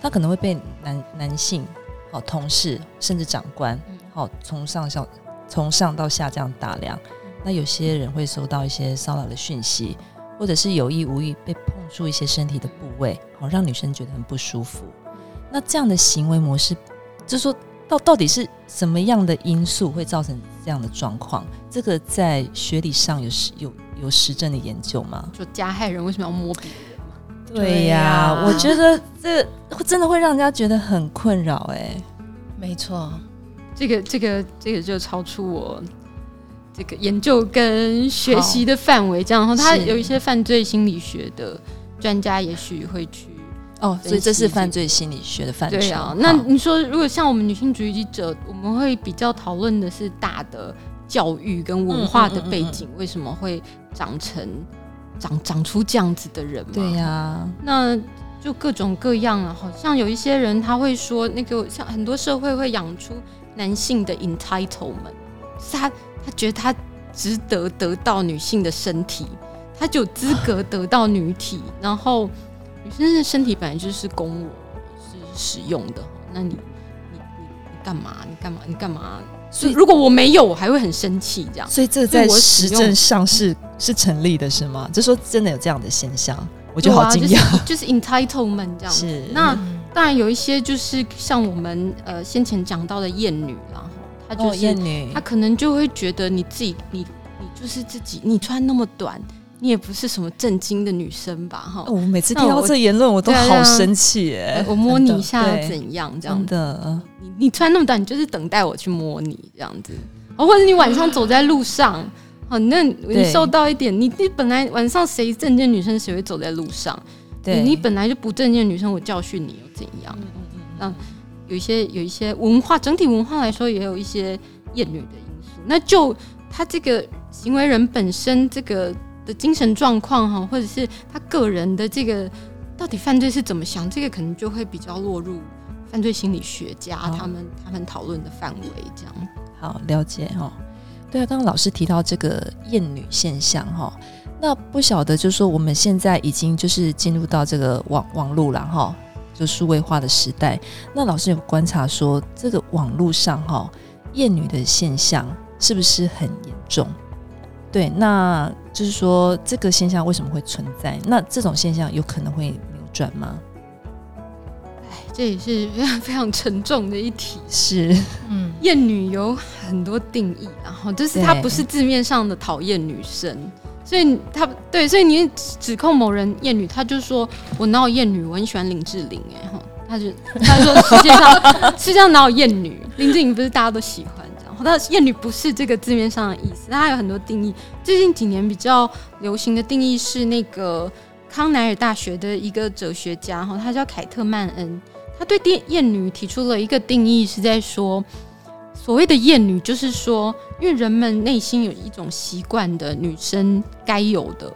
她可能會被男男性，好同事甚至長官，好從上向從上到下這樣打量，那有些人會收到一些騷擾的訊息。或者是有意無意被碰觸一些身體的部位，好讓女生覺得很不舒服。那這樣的行為模式，就是說，到到底是什麼樣的因素會造成這樣的狀況？這個在學理上有有有實證的研究嗎？就加害人為什麼要摸？對呀，我覺得這真的會讓人家覺得很困擾。哎，沒錯，這個這個這個就超出我。這個研究跟學習的範圍，這樣後，他好有一些犯罪心理學的專家，也許會去哦。所以這是犯罪心理學的範疇。對啊、好那你說，如果像我們女性主義者，我們會比較討論的是大的教育跟文化的背景，嗯嗯嗯為什麼會長成長長出這樣子的人？對呀、啊，那就各種各樣啊。好像有一些人，他會說，那個像很多社會會養出男性的 entitlement 他。他覺得他值得得到女性的身體，他就有資格得到女體。啊、然後，女生的身體本來就是供我，是使用的。那你你你你幹嘛？你幹嘛？你幹嘛？所以，如果我沒有，我還會很生氣這樣。所以，這在實證上是、嗯、是成立的，是嗎？就說真的有這樣的現象，我就好驚訝、啊。就是、就是、entitlement 這樣子。是。那、嗯、當然有一些就是像我們呃先前講到的厭女啦。他就是，他可能就會覺得你自己，你你就是自己，你穿那麼短，你也不是什麼正經的女生吧？哈！我每次聽到這言論，我都好生氣。欸，我摸你一下又怎樣？這樣的，你你穿那麼短，你就是等待我去摸你這樣子，或者你晚上走在路上，哦，那你受到一點，你你本來晚上誰正經女生誰會走在路上？對，你本來就不正經女生，我教訓你又怎樣？嗯。有一些有一些文化整體文化來說也有一些厭女的因素，那就他這個行為人本身這個的精神狀況哈，或者是他個人的這個到底犯罪是怎麼想，這個可能就會比較落入犯罪心理學家他們、哦、他們討論的範圍這樣。好，了解哈、哦。對啊，剛剛老師提到這個厭女現象哈、哦，那不曉得就是說我們現在已經就是進入到這個網網絡了哈。哦就數位化的時代，那老師有觀察說，這個網絡上哈、喔、厭女的現象是不是很嚴重？對，那就是說這個現象為什麼會存在？那這種現象有可能會扭轉嗎？哎，這也是非常非常沉重的一題。是，嗯，厭女有很多定義、啊，然後就是它對不是字面上的討厭女生。所以他對，所以你指控某人厭女，他就說，我哪有厭女？我很喜歡林志玲。欸，哎哈，他就他就說世界上 *laughs* 世界上哪有厭女？林志玲不是大家都喜歡這樣？但厭女不是這個字面上的意思，但它有很多定義，最近幾年比較流行的定義是那個康奈爾大學的一個哲學家哈，他叫凱特曼恩，他對厭女提出了一個定義，是在說，所謂的厭女，就是說，因為人們內心有一種習慣的女生該有的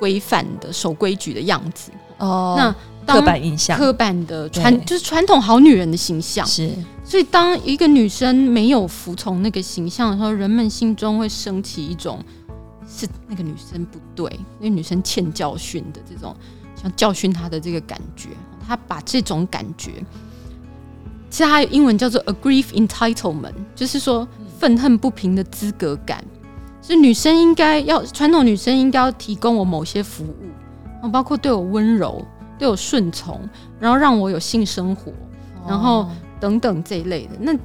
規範的守規矩的樣子哦。那當刻板印象、刻板的傳對就是傳統好女人的形象。是，所以當一個女生沒有服從那個形象的時候，人們心中會升起一種是那個女生不對，那個女生欠教訓的這種，想教訓她的這個感覺。她把這種感覺。其實它英文叫做 aggrieved entitlement，就是說憤恨不平的資格感，嗯、是女生應該要傳統女生應該要提供我某些服務，啊，包括對我溫柔、對我順從，然後讓我有性生活，哦、然後等等這一類的。那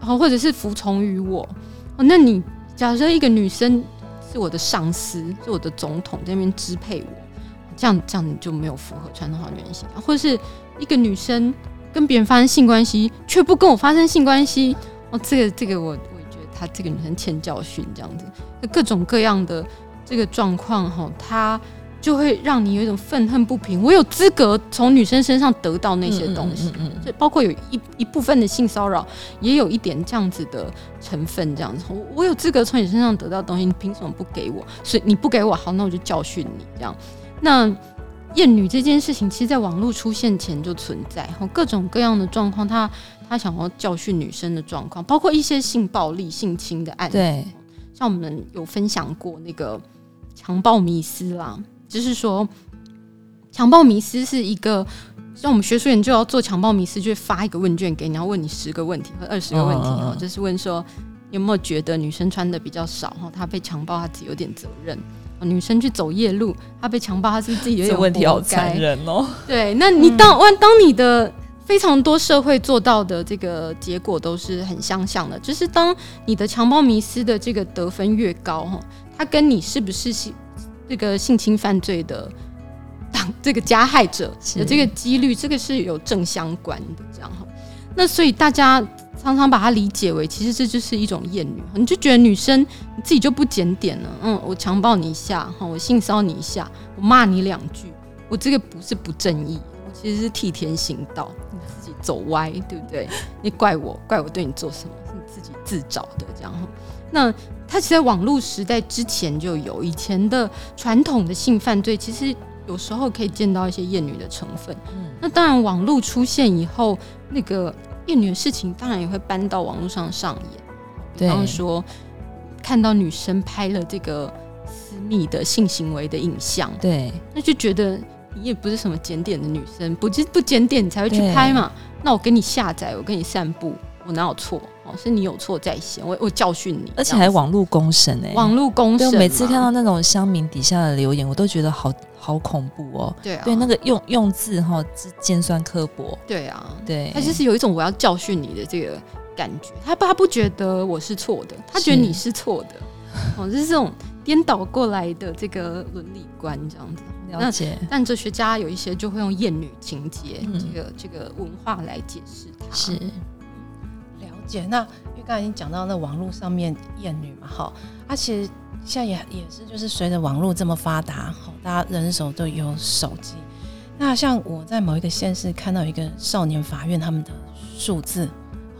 好，或者是服從於我哦，那你假設一個女生是我的上司，是我的總統在那邊支配我，這樣這樣你就沒有符合傳統好女人形象，或者是一個女生。跟別人發生性關係，卻不跟我發生性關係，哦，這個這個我，我也覺得他這個女生欠教訓，這樣子，各種各樣的這個狀況哈，他就會讓你有一種憤恨不平。我有資格從女生身上得到那些東西，就、嗯嗯嗯嗯、包括有一一部分的性騷擾，也有一點這樣子的成分，這樣子，我有資格從你身上得到東西，你憑什麼不給我？所以你不給我，好，那我就教訓你，這樣，那。厭女這件事情，其實在網絡出現前就存在，各種各樣的狀況，他他想要教訓女生的狀況，包括一些性暴力、性侵的案子。對，像我們有分享過那個強暴迷思啦,就是說強暴迷思是一個，像我們學術研究要做強暴迷思，就會發一個問卷給你，要問你十個問題或二十個問題哦，哦，哦，就是問說。有沒有覺得女生穿的比較少，哈？她被強暴，她自己有點責任。女生去走夜路，她被強暴，她是，是自己有點這問題，好殘忍哦。對，那你當完、嗯、當你的非常多社會做到的這個結果都是很相像，像的，就是當你的強暴迷思的這個得分越高，哈，它跟你是不是性這個性侵犯罪的當這個加害者的是這個幾率，這個是有正相關的這樣哈。那所以大家。常常把它理解為，其實這就是一種厭女，你就覺得女生你自己就不檢點了，嗯，我強暴你一下，哈，我性騷擾你一下，我罵你兩句，我這個不是不正義，我其實是替天行道，你自己走歪，對不對？你怪我，怪我對你做什麼？是你自己自找的，這樣。那它其實在網絡時代之前就有，以前的傳統的性犯罪其實有時候可以見到一些厭女的成分。嗯，那當然網絡出現以後，那個。厭女的事情當然也會搬到網絡上上演，比方說對看到女生拍了這個私密的性行為的影像，對，那就覺得你也不是什麼檢點的女生，不不檢點你才會去拍嘛？對那我跟你下載，我跟你散布，我哪有錯？哦，是你有錯在先，我我教訓你，而且還網絡公審呢？網絡公審，對，每次看到那種鄉民底下的留言，我都覺得好好恐怖哦。對啊，對，那個用用字哈是尖酸刻薄。對啊，對，他就是有一種我要教訓你的這個感覺。他他不，他不覺得我是錯的，他覺得你是錯的。是哦，就是這種顛倒過來的這個倫理觀這樣子。了解。姐但哲學家有一些就會用厭女情結這個、嗯、這個文化來解釋它。是。姐，那因為剛才已經講到那網絡上面厭女嘛，好、喔，啊，其實現在也也是就是隨着網絡這麼發達，好、喔，大家人手都有手機。那像我在某一個縣市看到一個少年法院他們的數字，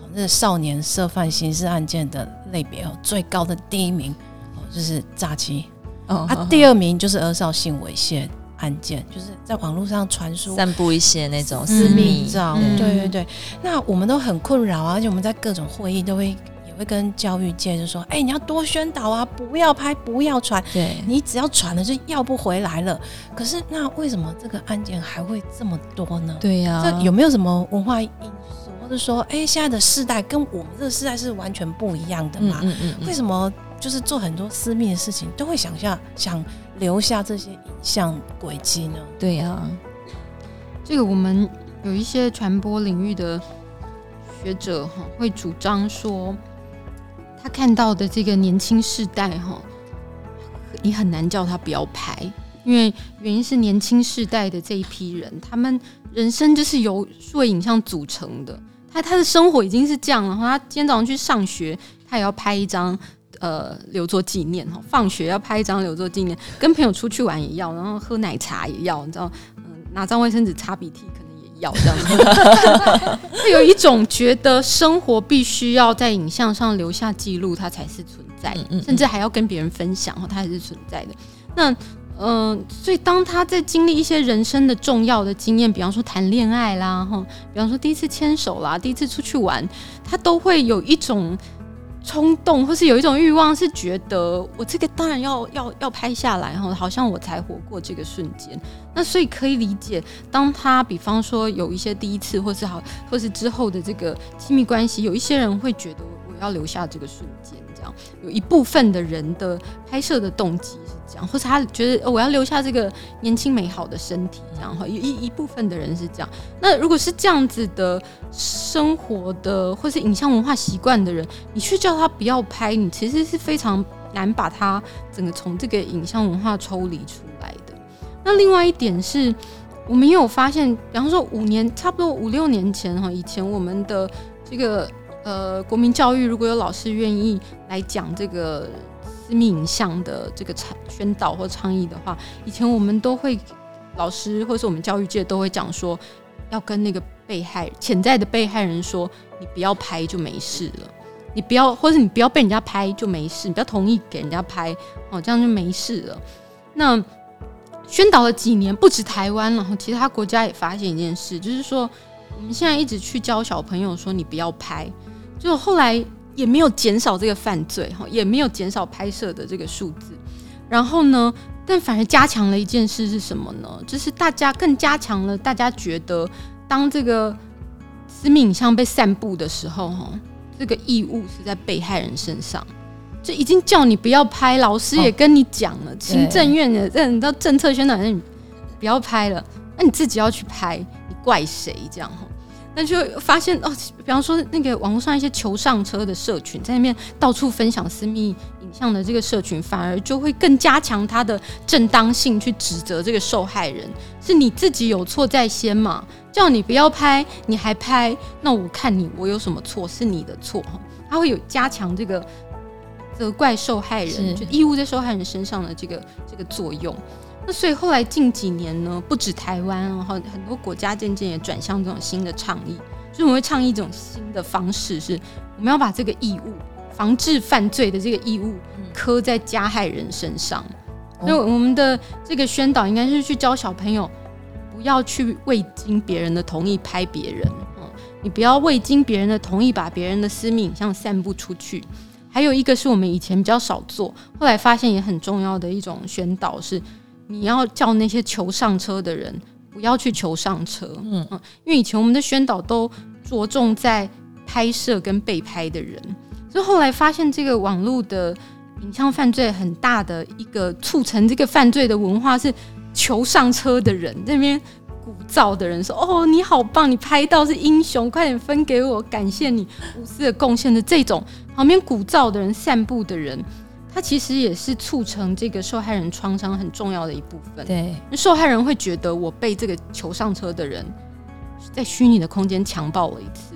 哦、喔，那個、少年涉犯刑事案件的類別哦、喔，最高的第一名哦、喔、就是詐欺，哦，oh, 啊，第二名就是兒少性猥褻。案件就是在網絡上傳輸、散布一些那種私密照。嗯、對對對、對。那我們都很困擾啊，而且我們在各種會議都會也會跟教育界就說：“哎，你要多宣導啊，不要拍，不要傳。對，你只要傳了，就要不回來了。”可是那為什麼這個案件還會這麼多呢？對呀、啊，這有沒有什麼文化因素，或者說，哎，現在的世代跟我們這個世代是完全不一樣的嘛？嗯嗯。為什麼就是做很多私密的事情都會想象想？留下這些影像軌跡呢？對呀，啊，這個我們有一些傳播領域的學者哈，會主張說，他看到的這個年輕世代哈，你很難叫他不要拍，因為原因是年輕世代的這一批人，他們人生就是由數位影像組成的，他他的生活已經是這樣了，他今天早上去上學，他也要拍一張。呃，留作紀念哈，放學要拍一張留作紀念，跟朋友出去玩也要，然後喝奶茶也要，你知道，呃、拿張衛生紙擦鼻涕可能也要這樣子。 *laughs* *laughs* 他有一種覺得生活必須要在影像上留下記錄，它才是存在的，嗯嗯嗯，甚至還要跟別人分享，他它也是存在的。那，嗯、呃，所以當他在經歷一些人生的重要的經驗，比方說談戀愛啦，哈，比方說第一次牽手啦，第一次出去玩，他都會有一種。衝動，或是有一種慾望，是覺得我這個當然要要要拍下來哈，好像我才活過這個瞬間。那所以可以理解，當他比方說有一些第一次，或是好，或是之後的這個親密關係，有一些人會覺得我要留下這個瞬間。有一部分的人的拍攝的動機是這樣，或者他覺得、哦、我要留下這個年輕美好的身體這樣，然後有一一部分的人是這樣。那如果是這樣子的生活的，或是影像文化習慣的人，你去叫他不要拍，你其實是非常難把他整個從這個影像文化抽離出來的。那另外一點是我們也有發現，比方說五年差不多五六年前哈，以前我們的這個。呃，國民教育如果有老師願意來講這個私密影像的這個倡宣導或倡議的話，以前我們都會老師或是我們教育界，都會講說，要跟那個被害潛在的被害人說，你不要拍就沒事了，你不要，或是你不要被人家拍就沒事，你不要同意給人家拍哦，這樣就沒事了。那宣導了幾年，不止台灣，然後其他國家也發現一件事，就是說我們現在一直去教小朋友說，你不要拍。就後來也沒有減少這個犯罪，哈，也沒有減少拍攝的這個數字，然後呢，但反而加強了一件事是什麼呢？就是大家更加強了，大家覺得當這個私密影像被散布的時候，這個義務是在被害人身上，就已經叫你不要拍，老師也跟你講了，哦，行政院的在，啊，你知道政策宣傳，你不要拍了，那你自己要去拍，你怪誰？這樣。那就發現哦，比方說那個網絡上一些求上車的社群，在裡面到處分享私密影像的這個社群，反而就會更加強他的正當性，去指責這個受害人，是你自己有錯在先嘛，叫你不要拍，你還拍，那我看你我有什麼錯，是你的錯哈，它會有加強這個責怪受害人、是就義務在受害人身上的這個這個作用。那所以後來近幾年呢，不止台灣，然後很多國家漸漸也轉向這種新的倡議。所以我們會倡議一種新的方式，是我們要把這個義務、防治犯罪的這個義務，刻在加害人身上。嗯，那我們的這個宣導應該是去教小朋友，不要去未經別人的同意拍別人。嗯，你不要未經別人的同意把別人的私密影像散布出去。還有一個是我們以前比較少做，後來發現也很重要的一種宣導是。你要叫那些求上車的人不要去求上車，嗯嗯，因為以前我們的宣導都着重在拍攝跟被拍的人，所以後來發現這個網絡的影像犯罪很大的一個促成這個犯罪的文化是求上車的人那邊鼓譟的人說：“哦，你好棒，你拍到是英雄，快點分給我，感謝你無私的貢獻的這種旁邊鼓譟的人散布的人。”它其實也是促成這個受害人創傷很重要的一部分。對，受害人會覺得我被這個求上車的人在虛擬的空間強暴了一次。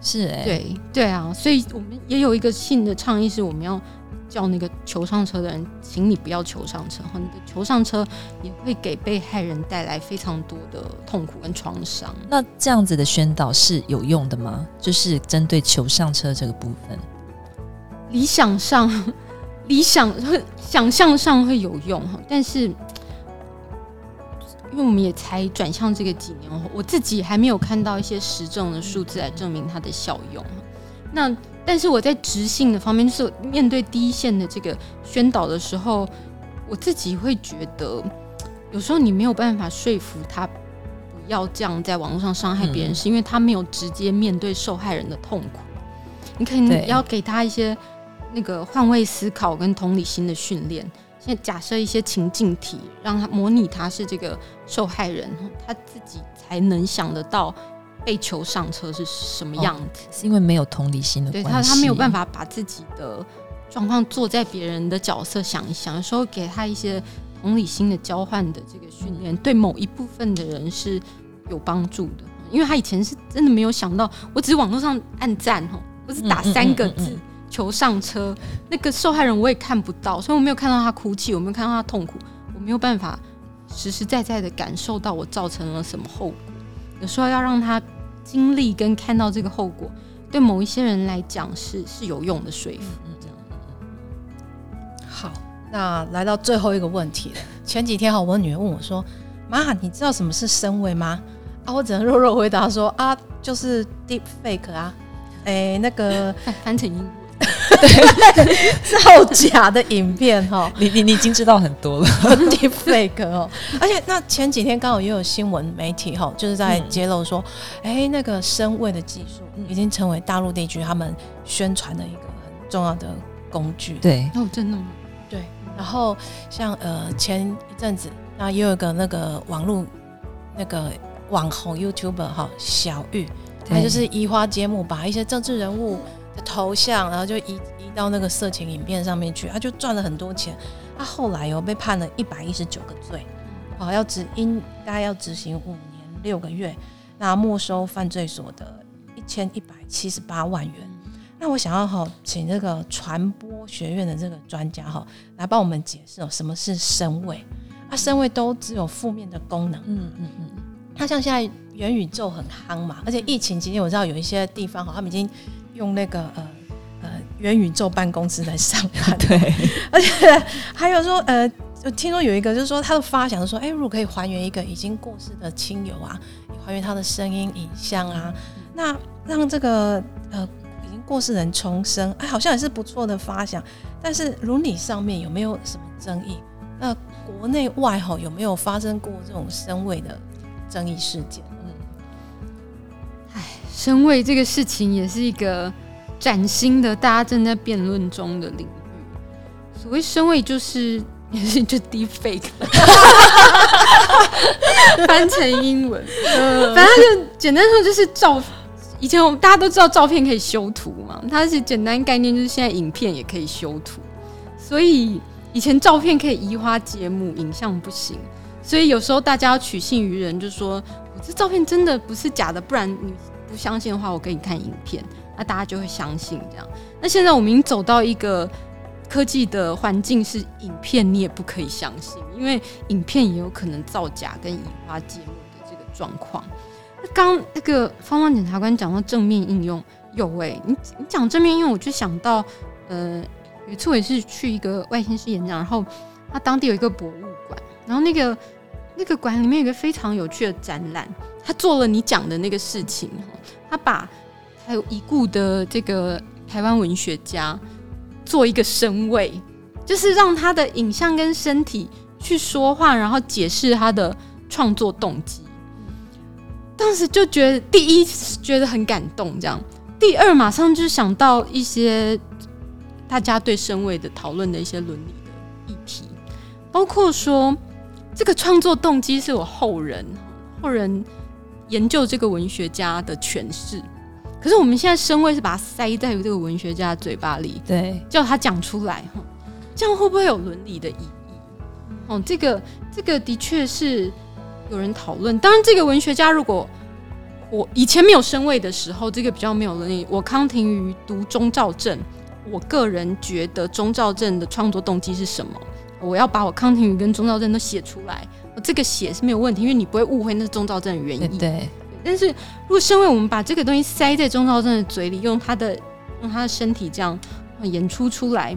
是、欸，哎，對對啊，所以我們也有一個性的倡議，是我們要叫那個求上車的人，請你不要求上車。然後你的求上車也會給被害人帶來非常多的痛苦跟創傷。那這樣子的宣導是有用的嗎？就是針對求上車這個部分，理想上。理想、想象上會有用哈，但是因為我們也才轉向這個幾年後，我自己還沒有看到一些實證的數字來證明它的效用。那但是我在執行的方面，就是面對第一線的這個宣導的時候，我自己會覺得，有時候你沒有辦法說服他不要這樣在網絡上傷害別人是，是、嗯、因為他沒有直接面對受害人的痛苦，你肯定要給他一些。那個換位思考跟同理心的訓練，現在假設一些情境題，讓他模擬他是這個受害人，他自己才能想得到被求上車是什麼樣子、哦，是因為沒有同理心的關係。對他，他沒有辦法把自己的狀況坐在別人的角色想一想有時候，給他一些同理心的交換的這個訓練，對某一部分的人是有幫助的，因為他以前是真的沒有想到，我只是網絡上按讚哦，我是打三個字。嗯嗯嗯嗯求上車，那個受害人我也看不到，所以我沒有看到他哭泣，我沒有看到他痛苦，我沒有辦法實實在在的感受到我造成了什麼後果。有時候要讓他經歷跟看到這個後果，對某一些人來講是是有用的說服。嗯嗯、這樣。好， *music* 那來到最後一個問題，前幾天哈，我女兒問我說：“媽，你知道什麼是深偽嗎？”啊，我只能弱弱回答說：“啊，就是 deep fake 啊，哎、欸，那個翻、嗯啊、成英對，造假的影片哈， *laughs* 你你已經知道很多了，Deepfake、 *laughs* 啊、哦，而且那前幾天剛好也有新聞媒體哈、哦，就是在揭露說，哎、嗯欸，那個深偽的技術已經成為大陸地區他們宣傳的一個很重要的工具。對，我真的嗎？對，然後像呃前一陣子，那也有一個那個網絡那個網紅 YouTuber 哈、哦，小玉，對他就是移花接木，把一些政治人物的頭像，然後就移。到那個色情影片上面去，他就賺了很多錢。他、啊、後來又、喔、被判了一百一十九個罪，好、啊、要執應該要執行五年六個月，那沒收犯罪所得一千一百七十八萬元。那我想要好，請這個傳播學院的這個專家哈來幫我們解釋哦，什麼是深偽？啊，深偽都只有負面的功能。嗯嗯嗯，他像現在元宇宙很夯嘛，而且疫情期間我知道有一些地方哈，他們已經用那個呃。元宇宙辦公室在上班，對，而且還有說，呃，聽說有一個，就是說他的發想是說，哎、欸，如果可以還原一個已經過世的親友啊，還原他的聲音、影像啊，那讓這個呃已經過世人重生，哎、欸，好像也是不錯的發想。但是倫理上面有沒有什麼爭議？那、呃、國內外吼有沒有發生過這種深偽的爭議事件？嗯，哎，深偽這個事情也是一個。嶄新的，大家正在辯論中的領域，所謂“深偽”就是也是就 deep fake， *laughs* *laughs* 翻成英文。 *laughs* 嗯、反正就簡單說就是照以前我們大家都知道照片可以修圖嘛，它是簡單的概念就是現在影片也可以修圖，所以以前照片可以移花接木，影像不行，所以有時候大家要取信於人，就說我這照片真的不是假的，不然你不相信的話，我給你看影片。那大家就會相信這樣。那現在我們已經走到一個科技的環境，是影片你也不可以相信，因為影片也有可能造假跟移花接木的這個狀況。那剛那個方方檢察官講到正面應用，有哎、欸，你你講正面應用，我就想到呃，有一次我也是去一個外縣市演講，然後他當地有一個博物館，然後那個那個館裡面有一個非常有趣的展覽，他做了你講的那個事情，他把，還有已故的這個台灣文學家做一個深偽，就是讓他的影像跟身體去說話，然後解釋他的創作動機。嗯，當時就覺得，第一覺得很感動，這樣；第二，馬上就想到一些大家對深偽的討論的一些倫理的議題，包括說這個創作動機是我後人後人研究這個文學家的詮釋。可是我們現在深偽是把它塞在這個文學家的嘴巴裡，對，叫他講出來，這樣會不會有倫理的意義？哦，這個這個的確是有人討論。當然，這個文學家如果我以前沒有深偽的時候，這個比較沒有倫理。我康庭瑜讀鍾肇政，我個人覺得鍾肇政的創作動機是什麼？我要把我康庭瑜跟鍾肇政都寫出來，哦，這個寫是沒有問題，因為你不會誤會那是鍾肇政的原因。對。對但是如果身為我們把這個東西塞在鍾肇政的嘴裡，用他的用他的身體這樣演出出來，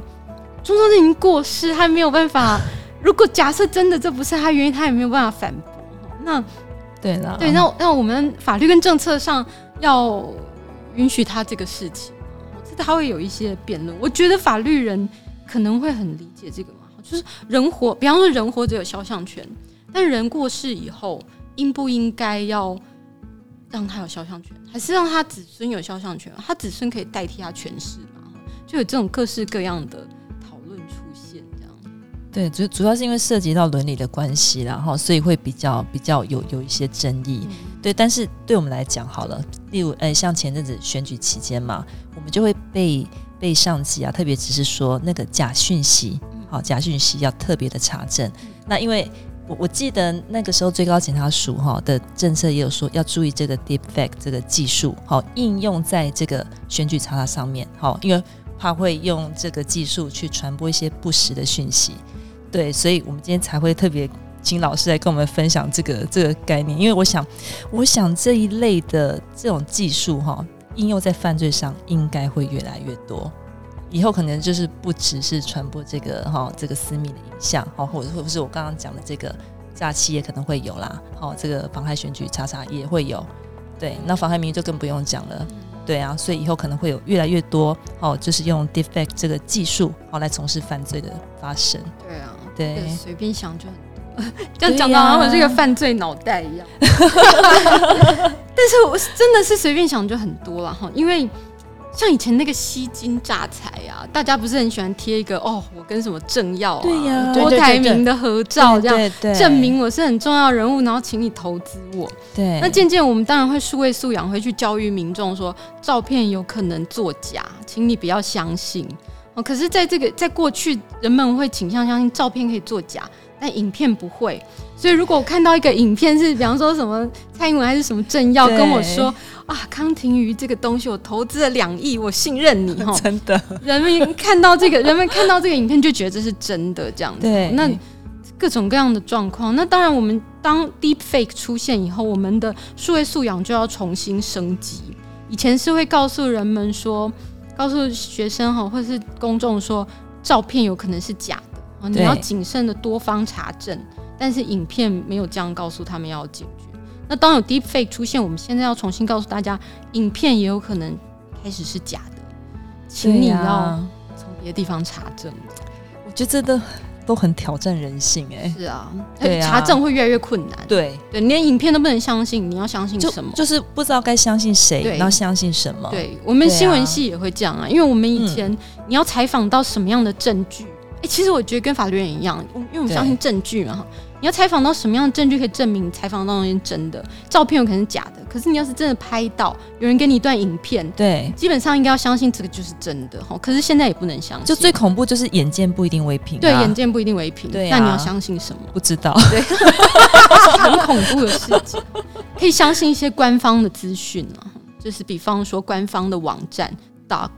鍾肇政已經過世，他沒有辦法。如果假設真的這不是他原因，他也沒有辦法反駁。那對了，對，那那我們法律跟政策上要允許他這個事情，這他會有一些辯論。我覺得法律人可能會很理解這個嘛，就是人活，比方說人活着有肖像權，但人過世以後，應不應該要？讓他有肖像權，還是讓他子孫有肖像權？他子孫可以代替他詮釋嘛？就有這種各式各樣的討論出現，這樣。對，主主要是因為涉及到倫理的關係，然後所以會比較比較有有一些爭議。嗯、對，但是對我們來講，好了，例如，哎、呃，像前陣子選舉期間嘛，我們就會被被上級啊，特別只是說那個假訊息，好、嗯，假訊息要特別的查證。嗯、那因為。我記得那個時候最高檢察署哈的政策也有說要注意這個 deepfake 這個技術，好應用在這個選舉查查上面，好，因為他會用這個技術去傳播一些不實的訊息。對，所以我們今天才會特別請老師來跟我們分享這個這個概念，因為我想，我想這一類的這種技術哈應用在犯罪上應該會越來越多。以後可能就是不只是傳播這個哈、哦，這個私密的影像，哦，或者會不是我剛剛講的這個詐欺也可能會有啦，哦，這個妨害選舉查查也會有，對，那妨害名譽就更不用講了，嗯、對啊，所以以後可能會有越來越多哦，就是用 deepfake 這個技術哦來從事犯罪的發生。對啊，對，隨便想就很多，就講到好像我這個犯罪腦袋一樣， *laughs* *laughs* *laughs* 但是我真的是隨便想就很多了哈，因為。像以前那個吸金榨財啊，大家不是很喜歡貼一個哦，我跟什麼政要啊、對呀，郭台銘的合照這樣，證明我是很重要人物，然後請你投資我。對，那漸漸我們當然會數位素養，會去教育民眾說，照片有可能作假，請你不要相信。哦，可是在這個在過去，人們會傾向相信照片可以作假。但影片不會，所以如果我看到一個影片是，比方說什麼蔡英文還是什麼政要跟我說對啊，康庭瑜這個東西我投資了兩億，我信任你哦。真的。人們看到這個， *laughs* 人們看到這個影片就覺得這是真的，這樣子對。那各種各樣的狀況，那當然我們當 deep fake 出現以後，我們的數位素養就要重新升級。以前是會告訴人們說，告訴學生哈，或是公眾說，照片有可能是假。你要謹慎的多方查證，對但是影片沒有這樣告訴他們要解決。那當有 Deep Fake 出現，我們現在要重新告訴大家，影片也有可能開始是假的，請你要從別的地方查證。我覺得這都都很挑戰人性哎、欸。是啊，啊查證會越來越困難。對，對，對你連影片都不能相信，你要相信什麼？就，就是不知道該相信誰，你要對相信什麼？對我們新聞系也會這樣啊，因為我們以前你要採訪到什麼樣的證據？哎、欸，其實我覺得跟法律人一樣，因為我們相信證據嘛哈。對你要採訪到什麼樣的證據可以證明你採訪當中是真的？照片有可能是假的，可是你要是真的拍到有人給你一段影片，對，基本上應該要相信這個就是真的哈。可是現在也不能相信。就最恐怖就是眼見不一定為憑、啊。對，眼見不一定為憑。對、啊、那你要相信什麼？不知道。對 *laughs* 很恐怖的事情。 *laughs* 可以相信一些官方的資訊、啊、就是比方說官方的網站。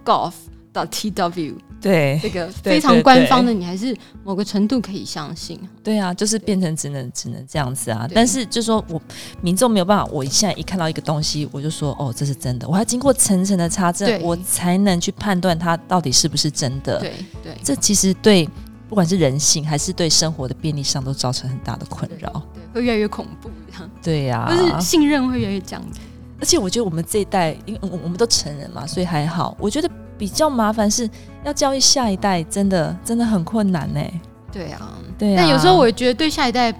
gov 到 The TW 對,對這個非常官方的，你還是某個程度可以相信。對,對,對,對啊，就是變成只能對只能這樣子啊！對但是就是說，我民眾沒有辦法，我現在一看到一個東西，我就說哦，這是真的，我要經過層層的查證，對我才能去判斷它到底是不是真的。對對，對這其實對不管是人性還是對生活的便利上，都造成很大的困擾。會越來越恐怖、啊，這樣對呀、啊，就是信任會越來越這樣子。而且我覺得我們這一代，因為我我們都成人嘛，所以還好。我覺得。比較麻煩是要教育下一代，真的真的很困難呢。對啊，對啊。但有時候我也覺得對下一代，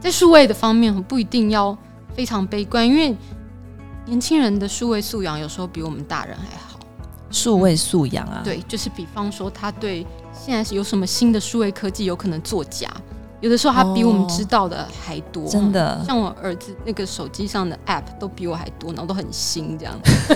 在數位的方面不一定要非常悲觀，因為年輕人的數位素養有時候比我們大人還好。數位素養啊。嗯，對，就是比方說他對現在有什麼新的數位科技有可能作假，有的時候他比我們知道的、oh, 還多，真的。像我兒子那個手機上的 App 都比我還多，然後都很新這樣。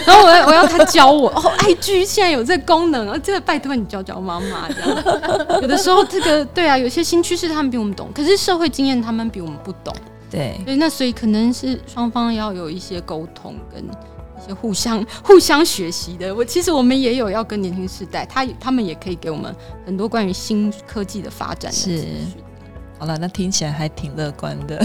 然後我我要他教我 *laughs* 哦，IG 現在有這個功能啊，真的拜託你教教媽媽這樣。有的時候這個對啊，有些新趨勢他們比我們懂，可是社會經驗他們比我們不懂。對，所以那所以可能是雙方要有一些溝通，跟一些互相互相學習的。我其實我們也有要跟年輕世代，他他們也可以給我們很多關於新科技的發展的。是。好了，那聽起來還挺樂觀的。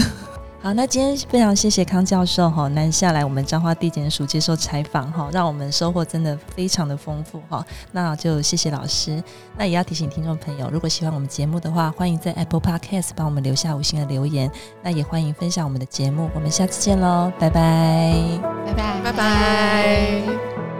好，那今天非常謝謝康教授哈南下來我們彰化地檢署接受採訪哈，讓我們收穫真的非常的豐富哈。那就謝謝老師，那也要提醒聽眾朋友，如果喜歡我們節目的話，歡迎在 Apple Podcast 幫我們留下五星的留言，那也歡迎分享我們的節目。我們下次見嘍，拜拜，拜拜，拜拜。拜拜。